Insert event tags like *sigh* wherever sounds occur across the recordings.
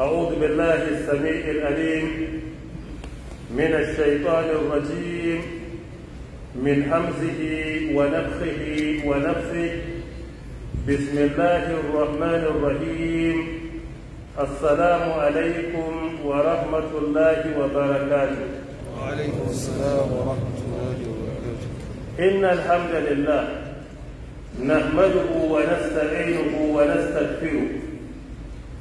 أعوذ بالله السميع الأليم من الشيطان الرجيم من حمزه ونفخه ونفخه بسم الله الرحمن الرحيم السلام عليكم ورحمة الله وبركاته وعليكم السلام ورحمة الله وبركاته إن الحمد لله نحمده ونستعينه ونستغفره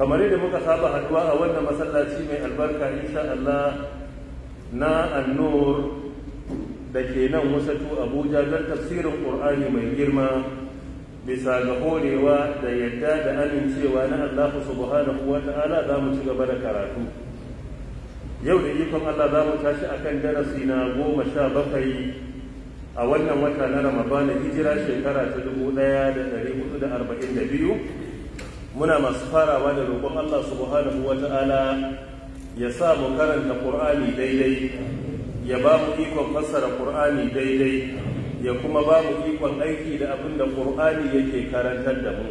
kamar yadda muka saba haduwa a wannan masallaci mai albarka insha Allah na annur da ke nan wasatu abuja don tafsirin ƙur'ani mai girma bisa ga horewa da yadda da amincewa na Allah subhanahu wa ta'ala za mu ci gaba da karatu yau da ikon Allah za mu tashi akan darasi na goma sha bakwai a wannan wata na ramadana hijira shekara ta dubu ɗaya da ɗari hudu da arba'in da biyu muna masu farawa da roƙon Allah subhanahu wa ta'ala ya sa mu karanta ƙur'ani daidai ya ba mu ikon fassara ƙur'ani daidai ya kuma ba mu ikon aiki da abin da yake karantar da mu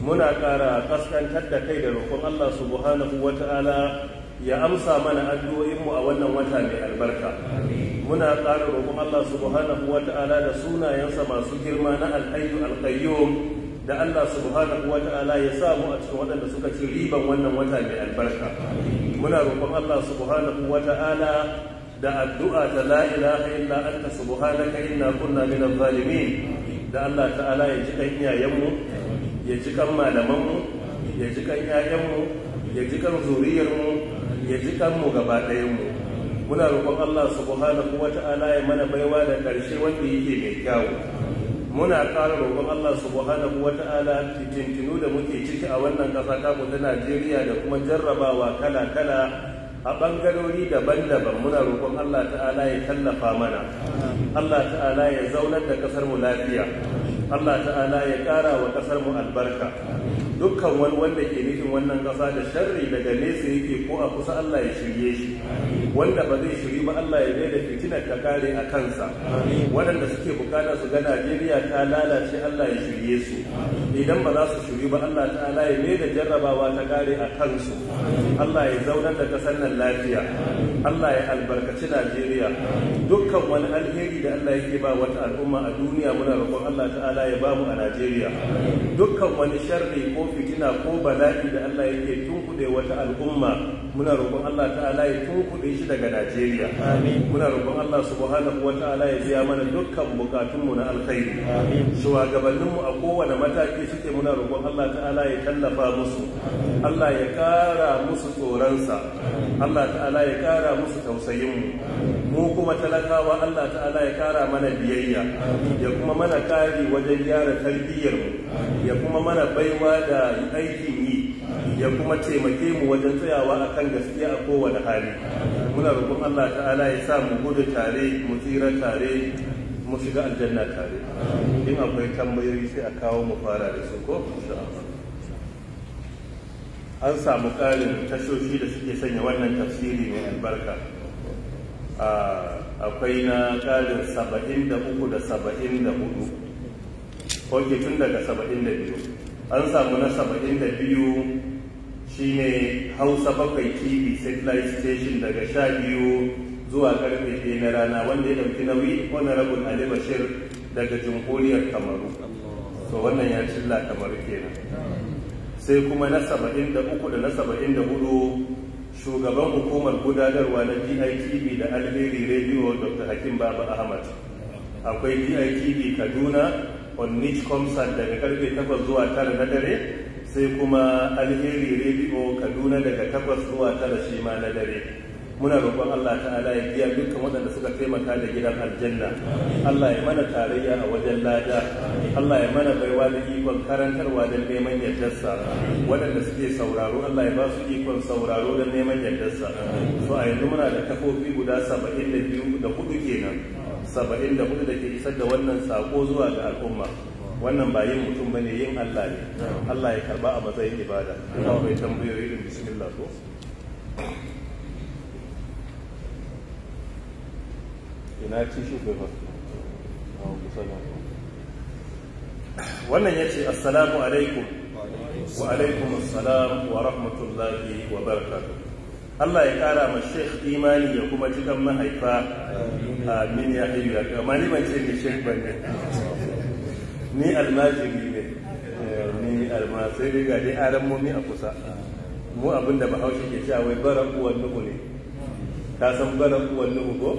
muna ƙara kaskantar da kai da roƙon Allah subhanahu wa ta'ala ya amsa mana addu'o'in mu a wannan wata mai albarka muna ƙara roƙon Allah subhanahu wa ta'ala da sunayensa masu girma na alhayyu alqayyum da Allah subhanahu wa ta'ala ya samu a cikin waɗanda suka ci riban wannan wata mai albarka muna roƙon Allah subhanahu wa ta'ala da addu'a ta la ilaha illa anta subhanaka inna kunna min zalimin da Allah ta'ala ya ji kan iyayenmu ya ji kan malamanmu ya ji kan iyayenmu ya ji kan zuriyarmu ya ji kan mu gaba ɗayanmu muna roƙon Allah subhanahu wa ta'ala ya mana baiwa da ƙarshe wanda yake mai kyawu muna ƙara roƙon Allah subhanahu wa ta'ala titintinu da muke ciki a wannan ƙasa tamu ta Najeriya da kuma jarrabawa kala-kala a ɓangarori daban-daban muna roƙon Allah ta'ala ya tallafa mana Allah ta'ala ya zaunar da ƙasar mu lafiya Allah ta'ala ya ƙara wa ƙasar mu albarka dukkan wani wanda ke nufin wannan ƙasa da sharri daga nesa yake ko a kusa Allah ya shirye shi wanda ba zai shiri ba Allah ya da fitina ta kare a kansa waɗanda suke bukata su ga Najeriya ta lalace Allah ya shirye su idan ba za su shiri ba Allah ta'ala ya da jarrabawa ta kare a kansu Allah ya zaunar da kasar nan lafiya Allah ya albarkaci Najeriya dukkan wani alheri da Allah yake ba wata al'umma a duniya muna roƙon Allah ta'ala ya bamu a Najeriya dukkan wani sharri ko fitina ko bala'i da Allah yake tunkude wata al'umma muna roƙon Allah ta'ala ya tunkuɗe shi daga Najeriya muna roƙon Allah subhanahu wa ta'ala ya biya mana dukkan bukatunmu na alkhairi shugabanninmu a kowane mataki suke muna roƙon Allah ta'ala ya tallafa musu Allah ya ƙara musu tsoronsa Allah ta'ala ya ƙara musu tausayin mu mu kuma talakawa Allah ta'ala ya ƙara mana biyayya ya kuma mana kari wajen gyara tarbiyyar mu ya kuma mana baiwa da aikin yi ya kuma taimake mu wajen tsayawa akan gaske a kowane hali muna roƙon Allah ta'ala ya sa mu gudu tare mu tsira tare mu shiga aljanna tare in akwai tambayoyi sai a kawo mu fara da su ko an samu ƙarin tashoshi da suke sanya wannan tafsiri mai albarka akwai na ƙarin saba'in da uku da saba'in da hudu ko tun daga saba'in da biyu an samu na saba'in da biyu shine hausa bakwai tv satellite station daga sha biyu zuwa karfe ɗaya na rana wanda ya ɗauki nauyi honorable ali bashir daga jamhuriyar kamaru so wannan ya cilla kamaru kenan sai kuma na saba'in da uku da na saba'in da hudu shugaban hukumar gudanarwa na DITV da alheri radio dr hakim baba ahmad akwai DITV kaduna on niche concert daga karfe 8 zuwa 9 na dare sai kuma alheri rediyo kaduna daga takwas zuwa tara shi ma na dare muna roƙon Allah ta'ala ya biya dukkan waɗanda suka taimaka da gidan aljanna Allah ya mana tarayya a wajen lada Allah ya mana baiwa da ikon karantarwa don neman yardarsa waɗanda suke sauraro Allah ya ba su ikon sauraro don neman yardarsa so a yanzu muna da kafofi guda saba'in da biyu da hudu kenan saba'in da hudu da ke isar da wannan saƙo zuwa ga al'umma wannan ba yin mutum ba ne yin Allah ne Allah ya karba a matsayin ibada ina mai tambayoyi irin bismillah ko ina ci shi ba wannan ya ce assalamu alaikum wa alaikum assalam wa rahmatullahi wa barakatuh Allah ya kara ma Sheikh imani ya kuma cikin mahaifa amin ya hayyu ya kama ni ban ce ni Sheikh bane ni almajiri ne eh, ni almasiri ga dai aran momi a kusa mu abin da bahaushe ke cewa wai baran uwan nuhu ne Ta san baran uwan nuhu ko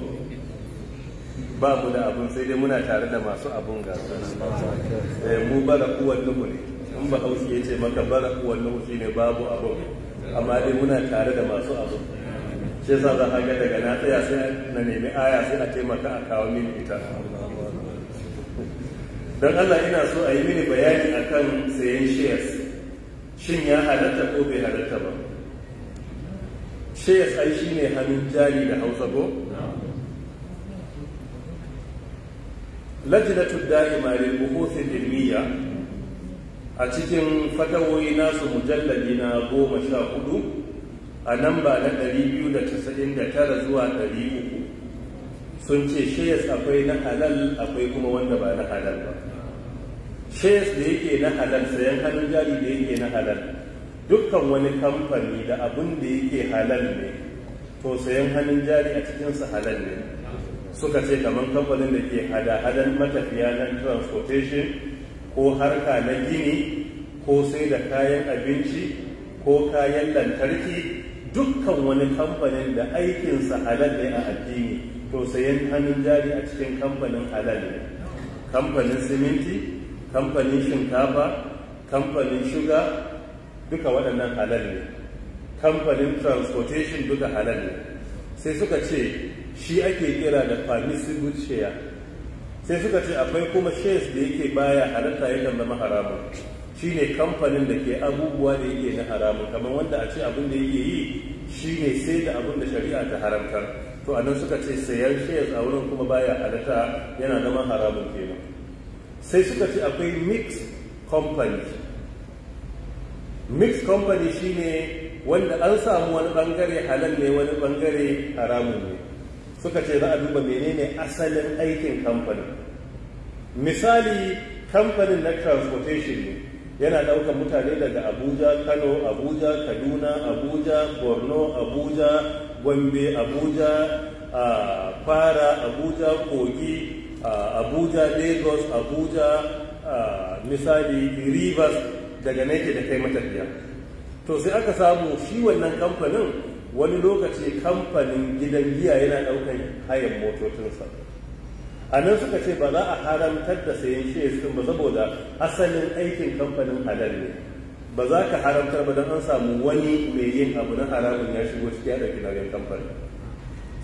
ba mu da abin sai dai muna tare da masu abun gasa eh, mu bara uwan nuhu ne in ba haushi ya ce maka bara uwan nuhu shine babu abun. amma dai muna tare da masu abun. shi yasa za ka ga daga na tsaya sai na nemi aya sai a taimaka a kawo mini ita don Allah ina so a yi mini bayani akan sayan shares shin ya halatta ko bai halatta ba shares ai shi ne hannun jari da hausa ko lajnatu da'ima lil buhuth ilmiya a cikin fatawoyi nasu mujallabi na goma sha hudu a nan ba na ɗari biyu da casa'in da tara zuwa ɗari uku sun ce shayas akwai na halal akwai kuma wanda ba na halal ba shares da yake na halal sayan hannun jari da yake na halal dukkan wani kamfani da abin da yake halal ne to sayan hannun jari a cikinsa halal ne suka ce kamar kamfanin da ke hada-hadar matafiya na transportation ko harka na gini ko sai da kayan abinci ko kayan lantarki dukkan wani kamfanin da aikinsa halal ne a addini to sayan hannun jari a cikin kamfanin halal ne kamfanin siminti kamfanin shinkafa kamfanin shuga duka waɗannan halal ne kamfanin transportation duka halal ne sai suka ce shi ake kira da permissible share sai suka ce akwai kuma shares da yake baya halatta kan zama haramun Shi ne kamfanin da ke abubuwa da yake na haramun kamar wanda a ce abin da yake yi shi ne sai da abin da shari'a ta haramtar to anan suka ce sayan shares a wurin kuma baya halatta yana zama haramun kenan sai suka ce akwai mixed company mixed company shine wanda an samu wani bangare halal ne wani bangare haramun ne suka ce za a duba menene asalin aikin kamfanin misali kamfanin na transportation ne yana ɗaukar mutane daga abuja kano abuja kaduna abuja borno abuja gombe abuja Fara, ah, abuja kogi Uh, abuja lagos abuja uh, misali rivers daga nake da kai matafiya to sai aka samu shi wannan kamfanin wani lokaci kamfanin gidan giya yana ɗaukan hayan motocinsa a nan suka ce ba za a haramtar da sayan shi din ba saboda asalin aikin kamfanin halal ne ba za ka haramtar ba don an samu wani mai yin abu na haramun ya shigo cikin ya ɗauki kamfanin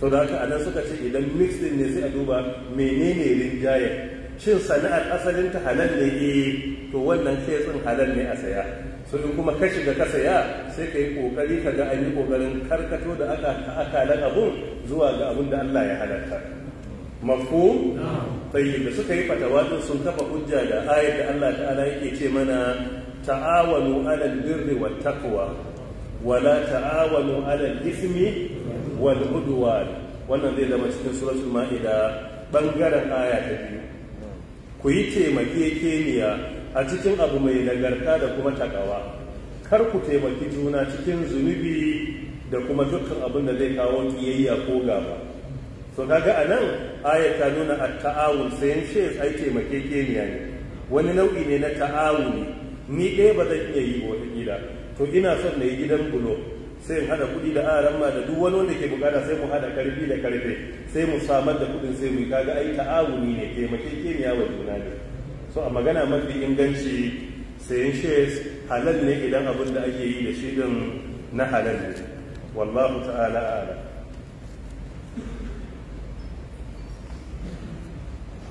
sau da haka nan suka ce idan mix din ne sai a duba menene rinjayen shin sana'ar asalin ta halal ne e to wannan sai sun halal ne a saya su in kuma ka shiga ka saya sai ka yi kokari ka ga an yi kokarin karkato da aka akalan abun zuwa ga abun da Allah ya halarta mafhum tayyib da suka yi fatawa din sun kafa hujja da ayat da Allah ta'ala yake ce mana ta'awanu 'alal birri wat taqwa wala ta'awanu 'alal ismi wal wannan zai zama cikin suratul ma'ida bangaren aya ta biyu ku yi kemiya a cikin abu mai nagarta da kuma takawa kar ku taimaki juna cikin zunubi da kuma dukkan abin da zai kawo kiyayya ko gaba so kaga a nan aya ta nuna a ta'awun sayan shares ai kemiya ne wani nau'i ne na ta'awuni ni ɗaya ba zan iya yi wata gida to ina son na yi gidan bulo sai in hada kudi da aran ma da duk wani wanda ke bukata sai mu hada karfi da karfe sai mu samar da kudin sai mu kaga ai ta'awuni ne taimakekeniya wa juna ne so a magana mafi inganci sayan shares halal ne idan abin da ake yi da shi din na halal ne wallahu ta'ala ala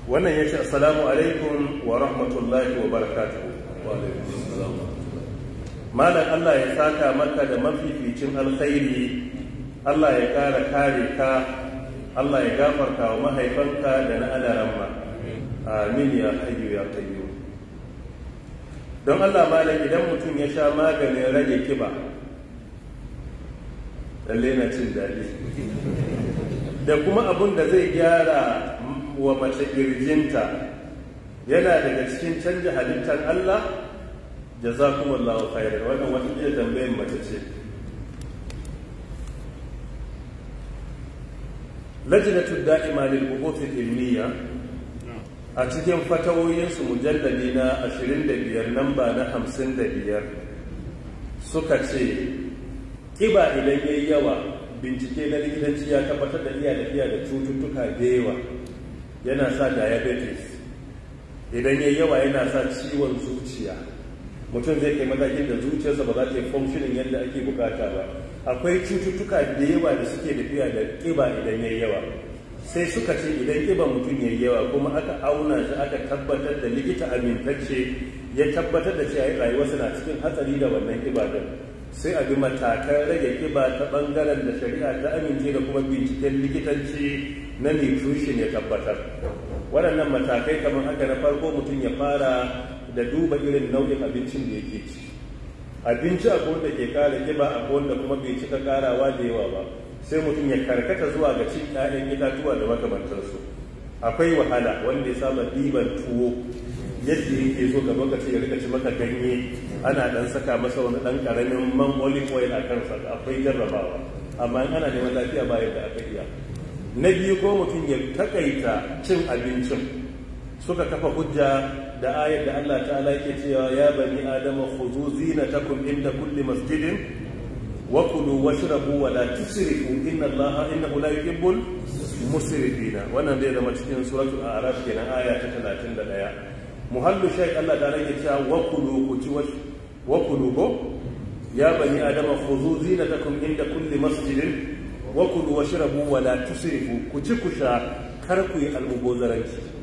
wannan yace assalamu alaikum wa rahmatullahi wa barakatuh wa alaikum malam Allah ya saka maka da mafificin alkhairi Allah ya ƙara kare ka Allah ya gafarta wa mahaifanka da na alaramma amin ya hayyu ya qayyum don Allah malam idan mutum ya sha maganin rage kiba lalle na cin daɗi da kuma abun da zai gyara wa mace ƙirjinta yana daga cikin canja halittar Allah Allah khairan wannan wata iya tambayar mace ce lajnatu da'ima lil buhuth ilmiya a cikin su mujalladi na 25 namba na 55 suka ce kiba idan yayi yawa bincike na likitanci ya tabbatar da iya lafiya da cututtuka da yawa yana sa diabetes idan yayi yawa yana sa ciwon zuciya mutum zai kai matakin da zuciyarsa ba za ta yi functioning yadda ake bukata ba akwai cututtuka da yawa da suke tafiya da kiba idan yayi yawa sai suka ce idan kiba mutum yi yawa kuma aka auna shi aka tabbatar da likita amintacce ya tabbatar da cewa rayuwarsa na cikin hatsari da wannan kiba din sai a bi matakan rage kiba ta bangaren da shari'a ta amince da kuma binciken likitanci na nutrition ya tabbatar waɗannan matakai kamar haka na farko mutum ya fara da duba irin nau'in abincin da yake ci abinci a wanda ke kara kiba a wanda kuma bai cika karawa da yawa ba sai mutum ya karkata zuwa ga cin ɗayan itatuwa da makamantarsu akwai wahala wanda ya saba ɗiban tuwo yadda yake so gaba ka ce ya rika ci maka ganye ana ɗan saka masa wani ɗan karamin man olive oil a kansa akwai jarrabawa amma in ana neman lafiya ba yadda aka iya na biyu ko mutum ya takaita cin abincin suka kafa hujja da ayar da Allah ta'ala yake cewa ya bani adama khuzu zinatakum inda kulli masjidin wa kulu washrabu wa la tusrifu inna Allaha innahu la yuhibbul na wannan dai zama cikin suratul a'raf kenan aya ta 31 muhallu shay Allah ta alaƙe cewa wa kulu ku ci wa kulu go ya bani adama khuzu zinatakum inda kulli masjidin wa kulu washrabu wa la tusrifu ku ci ku sha kar ku yi almubozaranci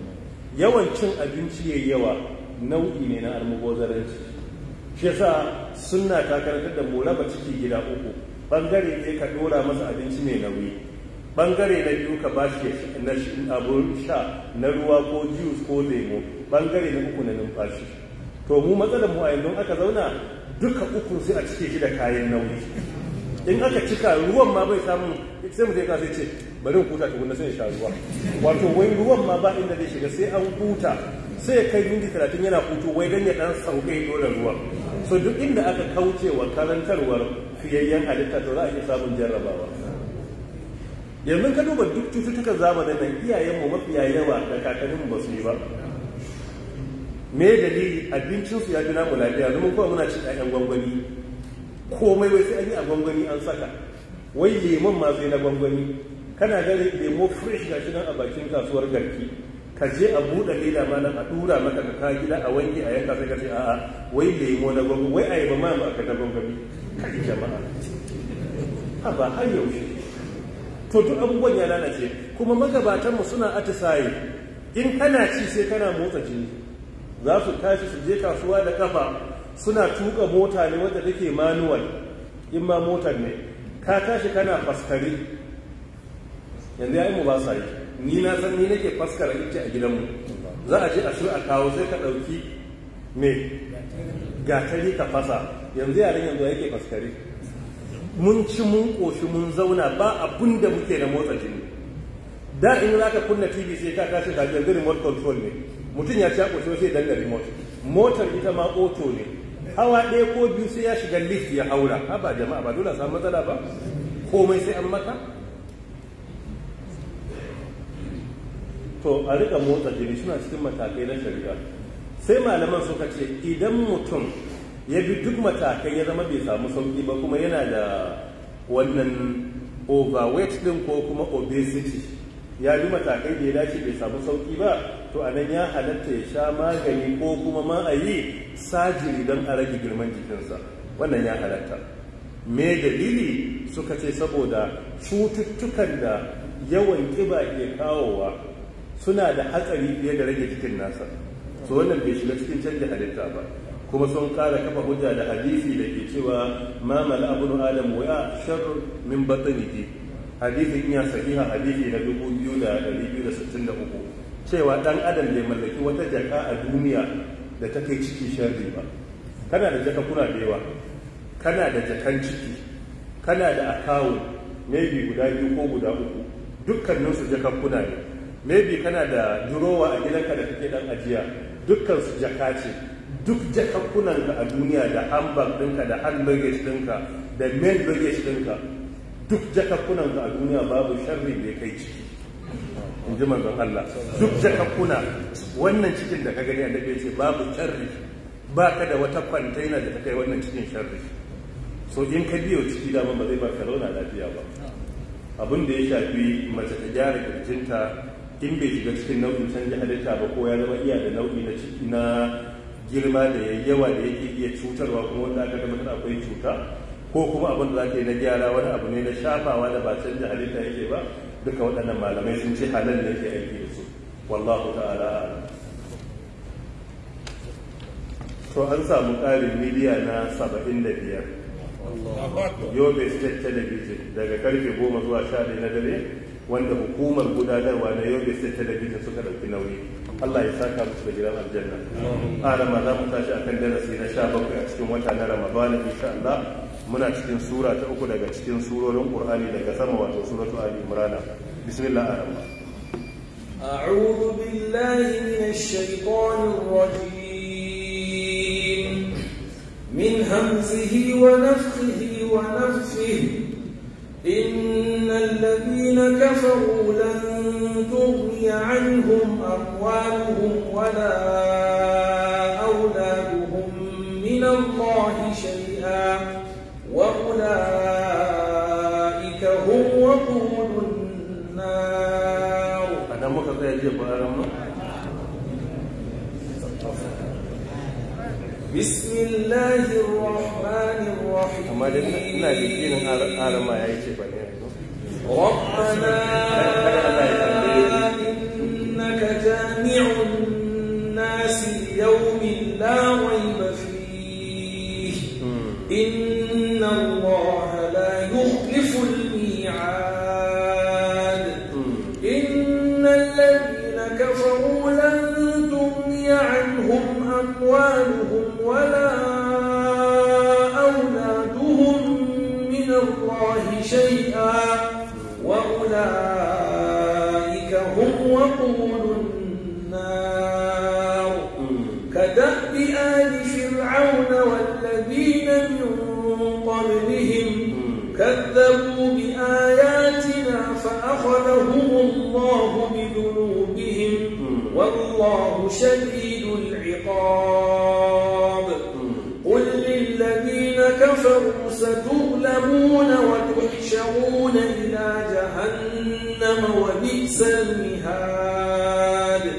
yawan cin abinci yayi yawa nau'i ne na almubazaranci shi yasa suna ta da mu raba ciki gida uku bangare ne ka dora masa abinci mai nauyi bangare na biyu ka bashi na abun sha na ruwa ko juice ko lemo bangare na uku na numfashi to mu matsalar mu a yanzu aka zauna duka uku sai a cike shi da kayan nauyi in aka cika ruwan ma bai samu sai mu je ka sai ce bari in huta tukuna sai ya sha ruwa wato wai ruwan ma ba inda zai shiga sai an huta sai ya kai minti talatin yana hutu wai dan ya dan sauke dole ruwa so duk inda aka kauce wa karantarwar fiyayyen halitta to za a iya samun jarrabawa yanzu ka duba duk cututtukan zamanin nan iyayenmu mafiya yawa da kakanninmu ba su yi ba me dalili abincinsu ya fi namu lafiya domin kuma muna cin ɗayan gwangwani komai wai sai an yi a gwangwani an saka wai lemon ma sai na gwangwani kana ganin lemo fresh gashi nan a bakin kasuwar garki ka je a buɗe leda ma nan a dura maka ka kawo gida a wanke a yanka sai ka ce a'a wai lemo na gwamnati wai ayaba ma ba ka na gwamnati ji jama'a a ba har yaushe to duk abubuwan ya lalace kuma magabatanmu suna atisaye in kana ci sai kana motsa jini za su tashi su je kasuwa da kafa suna tuka mota ne wadda take manuwal in ma motar ne ka tashi kana faskare yanzu ya mu ba sa yi ni na san ni nake faskara ita a gidanmu za a je a so a kawo sai ka ɗauki me gatari ka fasa yanzu yaren yanzu yake faskare mun ci mun ƙoshi mun zauna ba abun da muke da motsa jini da in za ka kunna tv sai ka tashi da jirgin remote control ne mutum ya ci a ƙoshi sai danna remote motar ita ma oto ne hawa ɗaya ko biyu sai ya shiga lift ya haura ha ba jama'a ba dole a samu matsala ba komai sai an mata to a rika motsa jini suna cikin matakai na shari'a sai malaman suka ce idan mutum ya bi duk matakai ya zama bai samu sauki ba kuma yana da wannan overweight din ko kuma obesity ya bi matakai da ya dace bai samu sauki ba to a nan ya halatta ya sha magani ko kuma ma a yi sajiri don a rage girman jikinsa wannan ya halatta me dalili suka ce saboda cututtukan da yawan kiba ke kawowa suna da hatsari fiye da rage cikin nasa Su wannan bai shiga cikin canjin halitta ba kuma sun kara kafa hujja da hadisi da ke cewa ma mala abun adam wa sharr min batnihi hadisin iya sahiha hadisi na 2263 cewa dan adam bai mallaki wata jaka a duniya da ta kai ciki sharri ba kana da jaka kuna da yawa kana da jakan ciki kana da akawun maybe guda biyu ko guda uku dukkaninsu kuna ne maybe kana da durowa a gidanka da kake dan ajiya dukkan su jaka ce duk jakakkunanka a duniya da handbag ɗinka da hand luggage ɗinka da main luggage dinka duk jakakkunanka a duniya babu sharri da ya kai ciki in ji manzon Allah duk jakakkuna wannan cikin da ka gani a dabe ce babu sharri ba ka da wata kwantena da ta kai wannan cikin sharri so in ka biyo ciki dama ba zai baka launa lafiya ba abin da ya shafi mace ta gyara kirjinta in bai shiga cikin nau'in canji halitta ba ko ya zama iya da nau'i na ciki na girma da ya yawa da yake iya cutarwa kuma wanda aka tabbatar akwai cuta ko kuma abin da za ka yi na gyara wani abu ne na shafawa da ba canji halitta yake ba duka waɗannan malamai sun ce halal ne ke aiki da su wallahu ta'ala so to an samu ƙarin miliya na saba'in da biyar yobe state television daga karfe goma zuwa sha na dare wanda hukumar gudanarwa na yau da sai talabijin suka ɗauki nauyi Allah ya saka musu da gidan aljanna ƙara ma za mu tashi a kan darasi na sha bakwai a cikin wata na ramadana insha Allah muna cikin sura ta uku daga cikin surorin qur'ani daga sama wato suratu ali imran bismillah ar-rahman a'udhu billahi minash shaitanir rajim min hamzihi wa nafthihi wa nafthihi إن الذين كفروا لن تغني عنهم أموالهم ولا أولادهم من الله شيئا وأولئك هم وقود النار بسم الله الرحمن الرحيم amma dai ina da yakinin arama ya yi ce ba ne yanzu كفروا ستغلبون وتحشرون إلى جهنم وبئس المهاد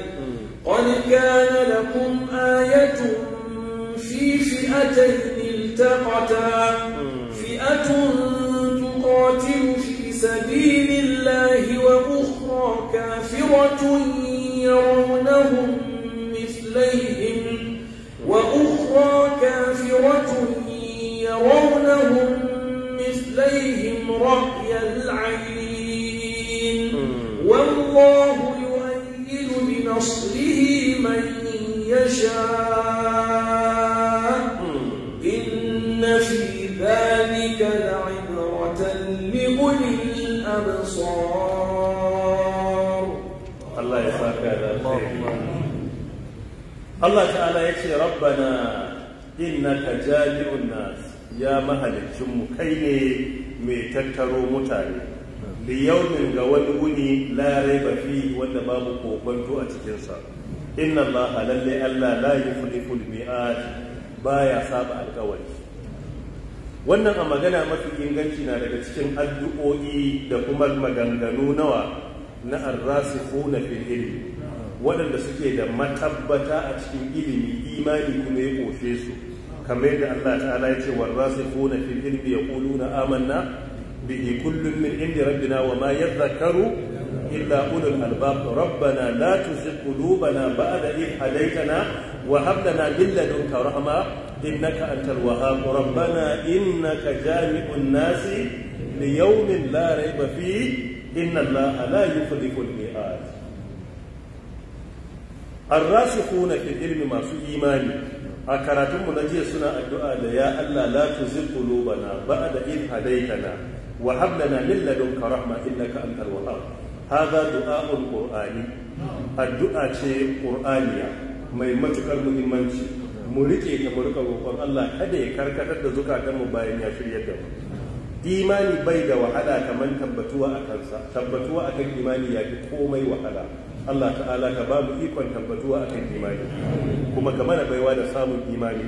قد كان لكم آية في فئتين التقتا فئة تقاتل في سبيل Allah ta'ala ya ce rabbana innaka jami'un nas ya mahalicinmu mu kai ne mai tattaro mutane da yawmin ga wani wuni larai ba fi wanda babu kokonto a cikin inna Allah lalle Allah la yufliful mi'ad ya saba alƙawari wannan a magana mafi inganci na daga cikin addu'o'i da kuma maganganu nawa na arrasikhuna fil ilmi waɗanda suke da matabbata a cikin ilimi imani kuma ya ƙoshe su kamar yadda Allah ta'ala ya ce warrasi kuna fil ilmi yaquluna amanna bihi kullun min indi rabbina wa ma yadhakkaru illa ulul albab rabbana la tuzigh qulubana ba'da idh hadaytana wa hab lana min ladunka rahma innaka antal wahhab rabbana innaka jami'un nasi li yawmin la rayba fihi inna allaha la yukhlifu al-mi'ad an rasu kuna ke ilmi masu imani a karatunmu na jiya suna addu’a da ya Allah latu zirku lobana ba da in Hadaitana. kana wa haɗana lilladun karar ma inda ka an karwa ha ha du’a’un ƙorani addu’a ce ƙoraniya mai matukar muhimmanci mu rike ka murka wukon Allah kada ya karkatar da zukatanmu bayan ya shirya da mu imani bai da wahala kamar tabbatuwa akan imani ya fi komai wahala Allah ta'ala ka ba mu ikon tabbatuwa akan imani kuma ka mana baiwa da samun imani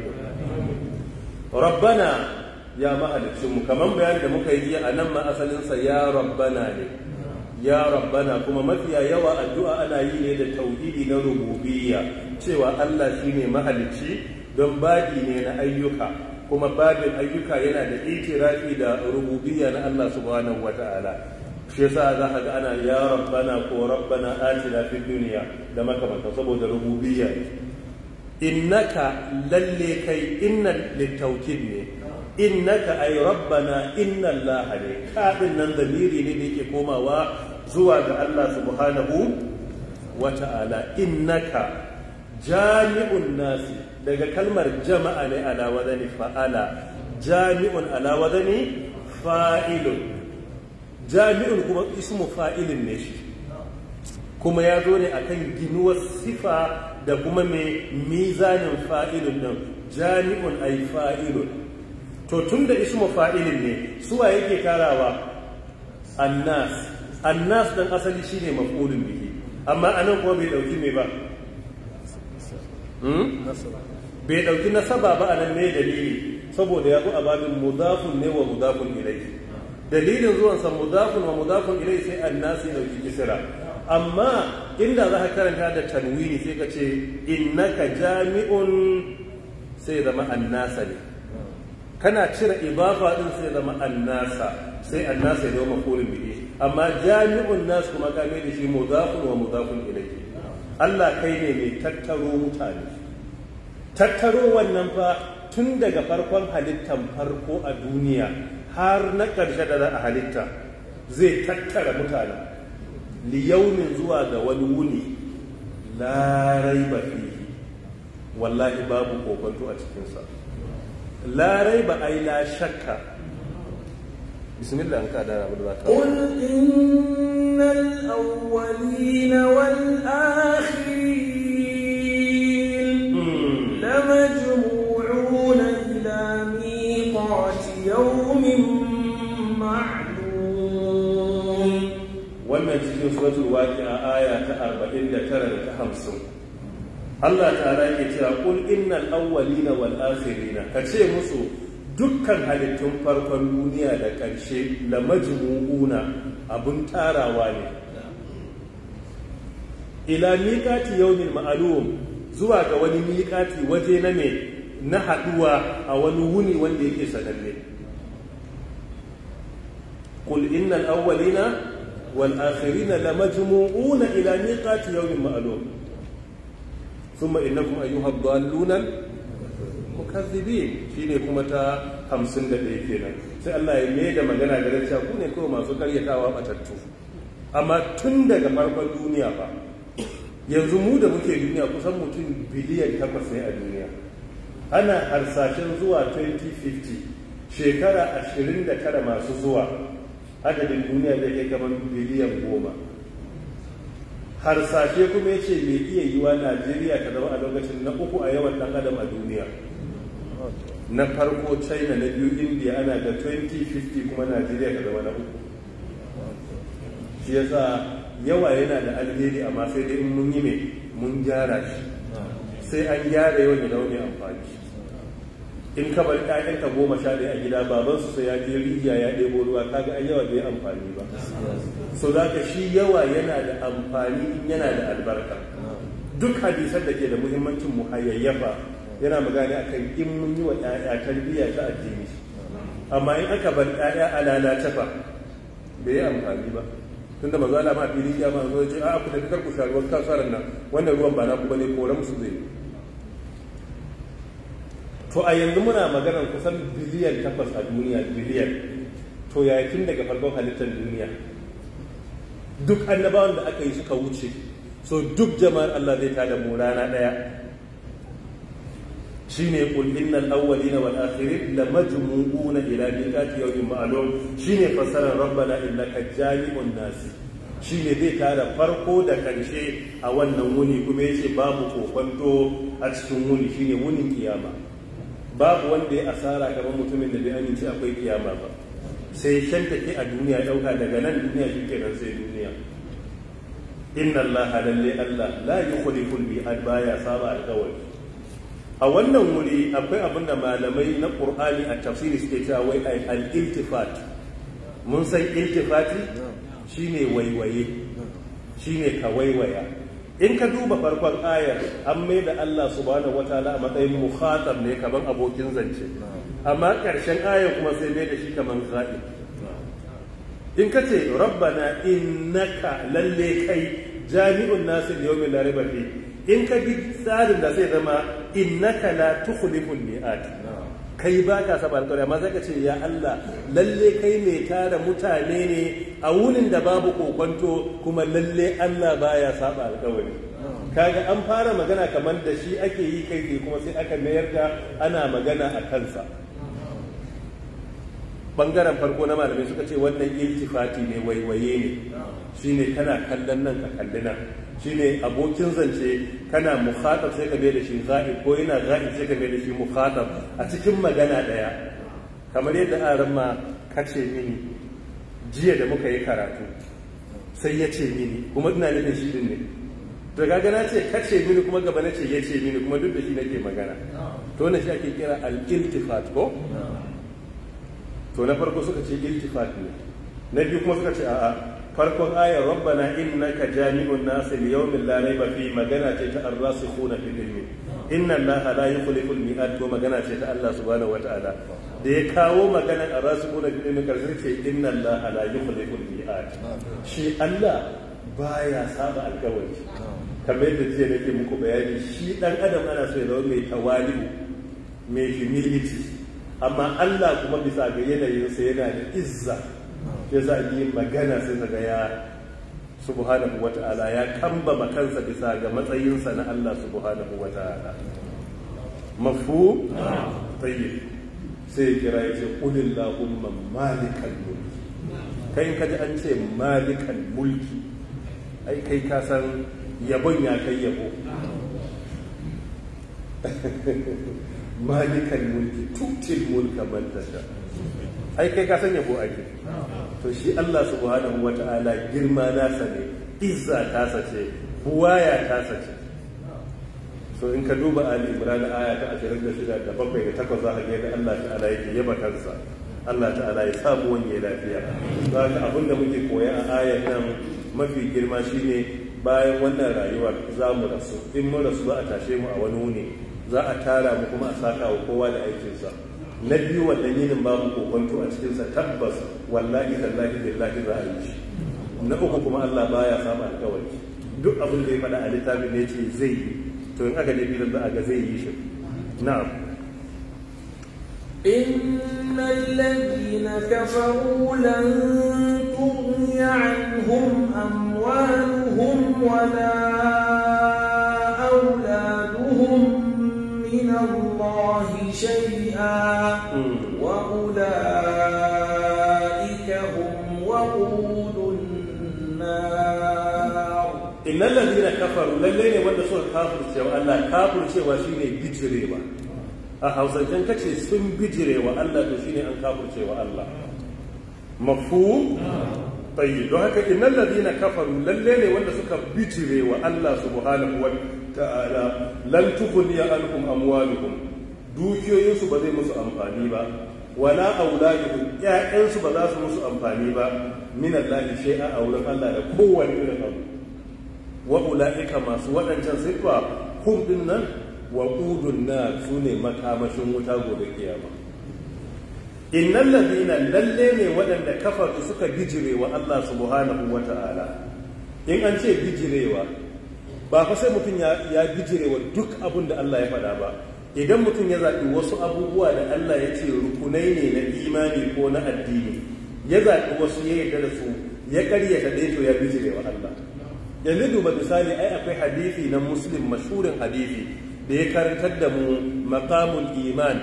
rabbana ya mahalicin mu bayanin da muka yi a nan ma asalin sa ya rabbana ne ya rabbana kuma mafiya yawa addu'a ana yi ne da tauhidi na rububiyya cewa Allah shi ne mahalicci don baɗi ne na ayyuka kuma babin ayyuka yana da itirafi da rububiyya na Allah subhanahu ta'ala shi yasa za ka ga ana ya rabbana ko rabbana atina lafin duniya da makamanta saboda rububiyya innaka lalle kai inna littaukid ne innaka ay rabbana inna allaha ne kadin nan zamiri ne da yake komawa zuwa ga Allah subhanahu wa ta'ala innaka jami'un nasi daga kalmar jama'a ne ala wadani fa'ala jami'un ala wadani fa'ilun jami'in kuma ismu fa'ilin ne shi kuma ya zo ne akan ginuwar sifa da kuma mai mizanin fa'ilin nan jami'un ai fa'ilun to tun da ismu fa'ilin ne suwa yake karawa annas annas dan asali shine maf'ulun biki amma anan kuma bai dauki me ba hmm? bai dauki nasaba ba anan ne dalili saboda ya zo a babin mudafun ne wa mudafun ilayhi dalilin zuwansa mudafun wa mudafun ilai sai an da na kisira amma inda za ka karanta da tanwini sai ka ce innaka jami'un sai zama an nasa ne kana cire ibafa din sai zama an nasa, sai an nasa ya zama mafulin bihi amma jami'un nas kuma ka mai da shi mudafun wa mudafun ilai. Allah kai ne mai tattaro mutane tattaro wannan fa tun daga farkon halittan farko a duniya har na ƙarshe da za a halitta zai tattara mutane liyaunin zuwa ga wani wuni larai ba fi wallahi babu kokonto a cikinsa larai ba yi la shakka bismillah ka da abu da ka qul innal awwalina wal akhirin suratul waqi'a aya ta 49 da ta 50 Allah ta'ala ke cewa kul innal awwalina wal akhirina ka ce musu dukkan halittun farkon duniya da ƙarshe la majmu'una abun tarawa ne ila miqati yawmil ma'lum zuwa ga wani miqati waje na me na haduwa a wani wuni wanda yake sananne kul innal awwalina والآخرين لمجموعون إلى ميقات يوم معلوم ثم إنكم أيها الضالون المكذبين شيني كما تا همسن دقيقنا sai Allah ya mai da magana ga rasha ku ne kawai masu karyatawa matattu amma tun daga farkon duniya ba yanzu mu da muke duniya kusan mutum biliyan takwas ne a duniya ana harsashen zuwa 2050 shekara 29 masu zuwa adadin duniya zai kai kamar biliyan goma Har safe kuma ya ce mai iya yiwa najeriya ta zama a lokacin na uku a yawan dan adam a duniya na farko china na biyu india ana da 2050 kuma najeriya ta zama na uku shi yasa yawa yana da alheri amma sai dai mun yi mai mun gyara shi sai an gyara yawan da wani amfani in ka bar ƴaƴanka goma sha ɗaya a gida babansu sai ya je rijiya ya ɗebo ruwa kaga an yawa bai amfani ba so ka shi yawa yana da amfani yana da albarka duk hadisan da ke da muhimmancin mu muhayayyafa yana magana akan in mun yi wa ƴaƴa tarbiyya ta addini amma in aka bar ƴaƴa a lalace fa bai yi amfani ba tunda manzo Allah ma fili ya ma zo ce a ku da kar ku sha ruwan kasuwar nan wannan ruwan ba na ku bane koran su zai yi to a yanzu muna maganar kusan biliyan takwas a duniya biliyan to yaya daga farkon halittar duniya duk annabawan da aka yi suka wuce so duk jama'ar Allah zai tada mu rana daya shine qul innal awwalina wal akhirin lamajmu'una ila miqati yawmin ma'lum shine fassarar, rabbana innaka jami'un nasi shi ne zai tara farko da karshe a wannan wuni kuma ya ce babu kokonto a cikin wuni shine wunin kiyama babu wanda ya asara gaban mutumin da bai amince akwai kiyama ba sai shan take a duniya dauka daga nan duniya shi nan sai duniya inna Allah lalle Allah la yukhliqul mi'ad baya saba alƙawari a wannan wuri akwai abin da malamai na Qur'ani a tafsiri suke cewa wai al-iltifat mun san iltifati shine waiwaye shine ka waiwaya in ka duba farkon ayar an mai da Allah subhanahu wataala a matsayin mukhatab ne kaman abokin zance amma karshen ayar kuma sai mai da shi kaman zaɓi in ka ce rabbana innaka lalle kai jami'un nasu da yawmin la in ka bi tsarin da zai zama innaka la tukhliful mi'ad kai ba ka saba alƙawari amma sai ce ya Allah lalle kai mai tara mutane ne a wunin da babu kokonto kuma lalle Allah baya saba alkawari kaga an fara magana kamar da shi ake yi kai tsaye kuma sai aka mayar da ana magana a kansa bangaren farko na malamai suka ce wannan iltifati ne waiwaye ne shine kana kallon nan ka kalli nan shine abokin zance kana mukhatab sai ka bai da shi za'i ko yana za'i sai ka bai da shi mukhatab a cikin magana daya kamar yadda aran ma ce mini jiya da muka yi karatu sai ya ce mini kuma ina nufin shi din ne to kaga na ce ce mini kuma gaba na ce ya ce mini kuma duk da shi nake magana to na shi ake kira al-iltifat ko to na farko suka ce iltifat ne na biyu kuma suka ce a'a farkon ayar rabbana innaka jami'un nas li yawmin la rayba fi magana ce ta ar-rasikhuna fi ilmi inna allaha la yukhlifu al-mi'ad ko magana ce ta Allah subhanahu wata'ala da ya kawo magana ar-rasikhuna fi ilmi karshe ce inna allaha la yukhlifu al-mi'ad shi Allah baya saba alkawari kamar yadda jiya nake muku bayani shi dan adam ana so ya mai tawali mai humility amma Allah kuma bisa ga yanayinsa yana da izza ya za a yi magana sai daga ya subhanahu wa ta'ala ya kamba kansa bisa ga matsayinsa na Allah subhanahu wa ta'ala mafu tayyib sai kira ya ce qulillahumma Malikan mulki. kai kaji an ce Malikan mulki ai kai ka san yabon ya kai yabo *laughs* malikan mulki tutil mulka man tasha ai kai ka san yabo ake to shi Allah subhanahu ta'ala girma nasa ne izza tasa ce buwaya tasa ce so in ka duba ali imran aya ta 26 da 7 da 8 za ka ga Allah ta'ala yake yaba kansa Allah ta'ala ya samu wani lafiya za ka abin da muke koya a ayar nan mafi girma shine bayan wannan rayuwar za mu rasu in mu rasu za a tashe mu a wani wuni za a tara mu kuma a saka wa kowa da aikinsa na biyu wannan yinin babu kokonto a cikinsa tabbas wallahi tallahi billahi za a yi shi na uku kuma Allah baya samu alkawari duk abin da ya faɗa a littafin ne ce zai yi to in aka je filin za a ga zai yi shi na'am إن الذين كفروا لن تغني عنهم أموالهم ولا أولادهم من الله شيئا وأولئك kafaru lallai ne wanda suka kafirce wa Allah shi shine bijirewa a hausancen kace sun bijirewa Allah to shine an wa Allah mafu tayyib don haka innal ladina kafaru lallai ne wanda suka bijirewa Allah subhanahu wa ta'ala lan tughniya anhum amwalukum dukiyoyinsu ba zai musu amfani ba wala auladuhum ƴaƴansu ba za su musu amfani ba min Allah shay'a a wurin Allah da kowane irin abu wa ula'ika masu waɗancan siffa hum din nan wa udun na su ne makamashin wuta gobe kiyama innal ladina lalle ne waɗanda kafafi suka bijirewa Allah subhanahu wa ta'ala in an ce bijirewa ba fa sai mutum ya bijirewa duk abin da Allah ya faɗa ba idan mutum ya zaɓi wasu abubuwa da Allah ya ce rukunai ne na imani ko na addini ya zaɓi wasu ya yarda da su ya ƙaryata ɗaya to ya bijirewa Allah yanzu ba misali ai akwai hadisi na muslim mashhurin hadisi da ya karantar da mu maqamul iman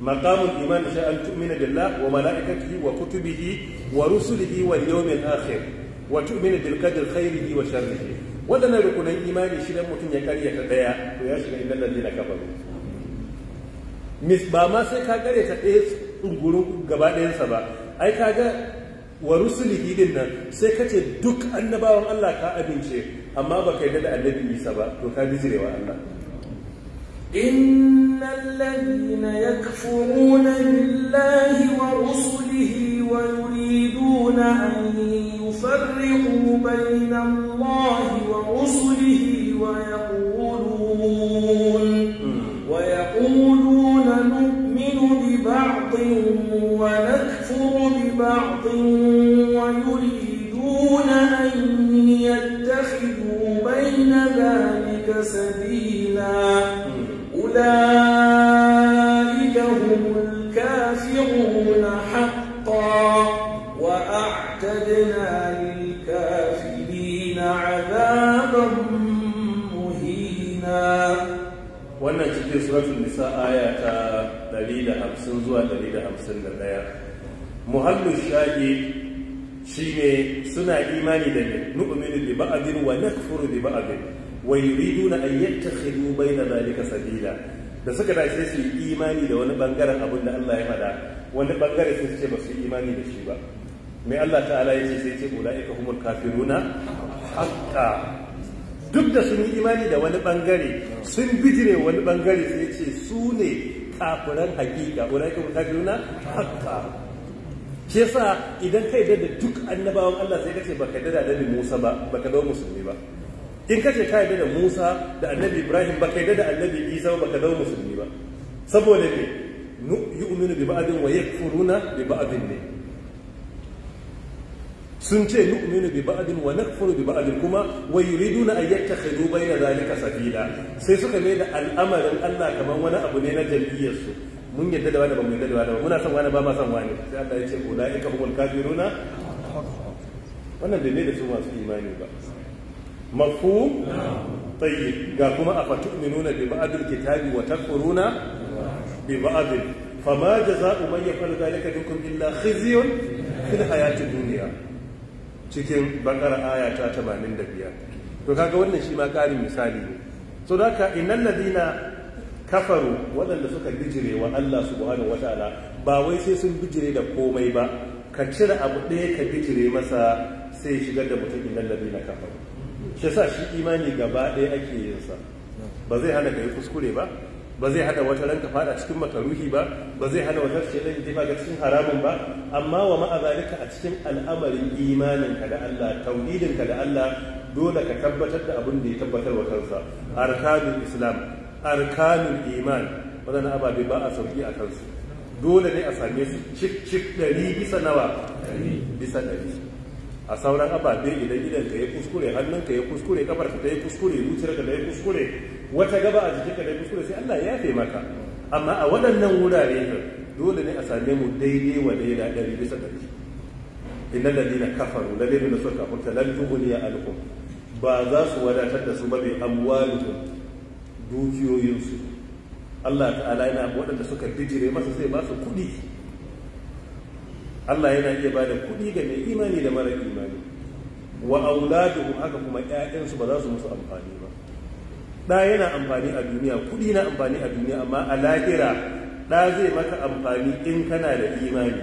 maqamul iman shi an tu'mina billah wa malaikatihi wa kutubihi wa rusulihi wal yawmil akhir wa tu'mina bil qadri khairihi wa sharrihi wadannan rukunin imani shi dan mutum ya ta daya to ya shiga inda ladina kafaru mis ba ma sai ka ta ɗaya gurin gaba ɗayansa ba ai kaga wa rusulihi din nan sai ka ce duk annabawan Allah ka abince amma baka yi da annabi Isa ba to ka bijire wa Allah na ladina yakfuruna billahi wa rusulihi wa yuriduna an yufarriqu bayna Allahi wa rusulihi wa yaqulun wa yaquluna nu'minu bi ba'dihim wa nakfuru ببعض ويريدون أن يتخذوا بين ذلك سبيلا أولئك هم الكافرون حقا وأعتدنا للكافرين عذابا مهينا wannan cikin suratul nisa aya ta 150 zuwa 151 muhallin shage ne suna imani da ne nu'minu bi ba'dhin wa nakfuru bi ba'dhin wa yuriduna an yattakhidu bayna dhalika sabila da suka dace su yi imani da wani bangaren abin da Allah ya faɗa wani bangare sai su ce ba su yi imani da shi ba mai Allah ta'ala ya ce sai ce ulaika humul kafiruna hatta duk da sun yi imani da wani bangare sun bijire wani bangare sai ce su ne kafiran hakika ulaika humul kafiruna hatta shi yasa idan kai da duk annabawan Allah sai kace baka da annabi Musa ba baka dawo musulmi ba in kace ka da Musa da annabi Ibrahim baka da annabi Isa ba baka dawo musulmi ba saboda me yu'minu bi ba'din wa yakfuruna bi ba'din ne sun ce nu'minu bi ba'din wa nakfuru bi ba'din kuma wa yuriduna an yattakhidu bayna dhalika sabila sai suka mai da al'amarin Allah kaman wani abu ne na jam'iyyar su mun yadda da wani ba mu yadda da wani ba muna son wani ba ma son wani sai Allah ya ce ko ka humul kafiruna wannan bai da su masu imani ba Mafu, tayyib ga kuma afatu'minuna bi ba'dil kitabi wa takfuruna bi ba'dil fama jaza'u man yaf'alu dhalika minkum illa khizyun fil hayati dunya cikin bakara aya ta 85 to kaga wannan shi ma karin misali ne so da ka innal ladina kafaru waɗanda suka bijire wa Allah subhanahu wataala ba wai sai sun bijire da komai ba ka cire abu ɗaya ka bijire masa sai shigar da mutum inda labi na kafaru shi sa shi imani gaba ɗaya ake yin sa ba zai hana ka yi kuskure ba ba zai hana wata ranka fada cikin makaruhi ba ba zai hana wata ce ɗan ba ga cikin haramun ba amma wa ma'azalika a cikin al'amarin imaninka da Allah tauhidinka da Allah dole ka tabbatar da abin da ya tabbatar wa kansa arkanul islam arkanul iman wadannan ababe ba a sauki a kansu dole ne a same su cik cik ɗari bisa nawa bisa ɗari a sauran ababe idan idan ka ya kuskure hannun ka ya kuskure kafar ka ya kuskure zuciyar ka ya kuskure wata gaba a jikin ka ya kuskure sai Allah ya yafe maka amma a waɗannan wurare dole ne a same mu daidai wa daidai ɗari bisa ɗari inna ladina kafaru ladina suka kafurta lan tughniya alhum ba za su wadatar da su ba bi amwaluhum dukiyoyinsu Allah ta'ala yana waɗanda suka bijire masa sai ba kuɗi Allah yana iya ba da kuɗi ga mai imani da mara imani wa auladuhum haka kuma ƴaƴansu ba za su musu amfani ba ɗa yana amfani a duniya kuɗi na amfani a duniya amma a lahira ɗa zai maka amfani in kana da imani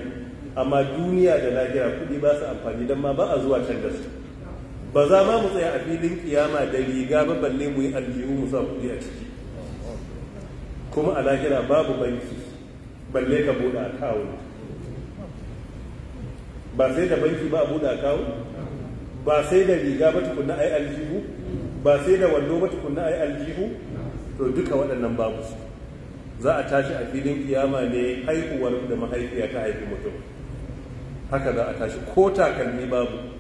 amma duniya da lahira kuɗi ba su amfani don ma ba a zuwa can da ba za ma mu tsaya a filin kiyama da riga ba balle mu yi aljihu mu sa kuɗi a ciki kuma a lahira babu banki balle ka buɗe akawun ba sai da banki ba a buɗe akawun ba sai da riga ba tukunna ai aljihu ba sai da wando ba tukunna ai aljihu to duka waɗannan babu su za a tashi a filin kiyama ne haihuwar da mahaifiya ta haifi mutum haka za a tashi ko takalmi babu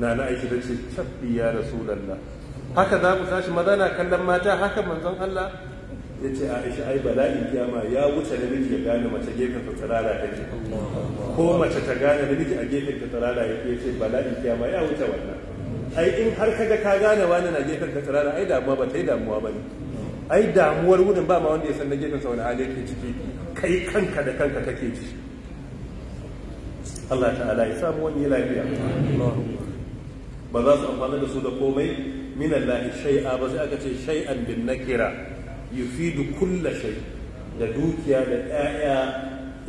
na na aiki da ce tabbi ya rasulallah haka za mu tashi maza na kallon mata haka manzon Allah ya ce aisha ai bala'in kiyama ya wuce miji ya gane mace gefen ta tsirara ta ce ko mace ta gane miji a gefen ta tsirara ya ce bala'in kiyama ya wuce wannan ai in har kaga ka gane wani na gefen ta tsirara ai damuwa ba ta yi damuwa ba ne ai damuwar wurin ba ma wanda ya san na gefen sa wani hali yake ciki kai kanka da kanka kake ci. Allah ta'ala ya samu wani lafiya Allahumma ba za su amfani da su da komai min Allah shay'a ba sai aka ce shay'an bin nakira yufidu kulla shay da dukiya da 'ya'ya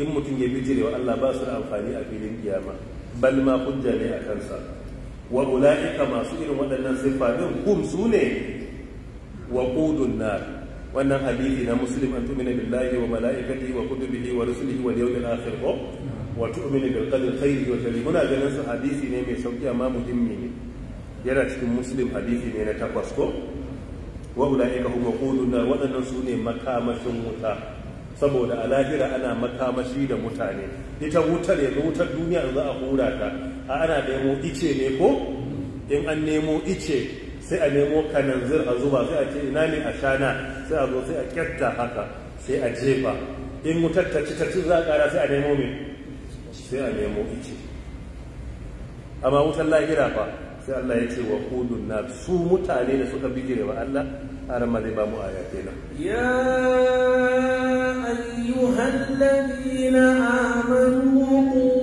in mutum ya bijirewa Allah ba su da amfani a filin kiyama bal ma hujja a kansa wa ulaika masu irin waɗannan siffa din su sune wa qudun nar wannan hadisi na muslim an tumina billahi wa malaikati wa kutubihi wa rusulihi wal yawmil akhir ko wa tu'minu bil qadri khairihi wa muna ganin su hadisi ne mai sauki amma muhimmi ne yana cikin muslim hadithi ne na takwas ko wa ulaika hum qudun nar wadannan su ne makamashin wuta saboda a lahira ana makamashi da mutane ita wutar yanzu wutar duniya za a hura ta a ana nemo ice ne ko in an nemo ice sai a nemo kananzir a zuba sai a ce ina ne a shana sai a zo sai a kyatta haka sai a jefa in wutar ta ci ta ci za a kara sai a nemo me sai a nemo ice amma wutar lahira fa sai Allah ya ce wa qulun nas su mutane da suka bijire wa Allah har ma zai ba mu aya kenan ya ayyuhalladhina amanu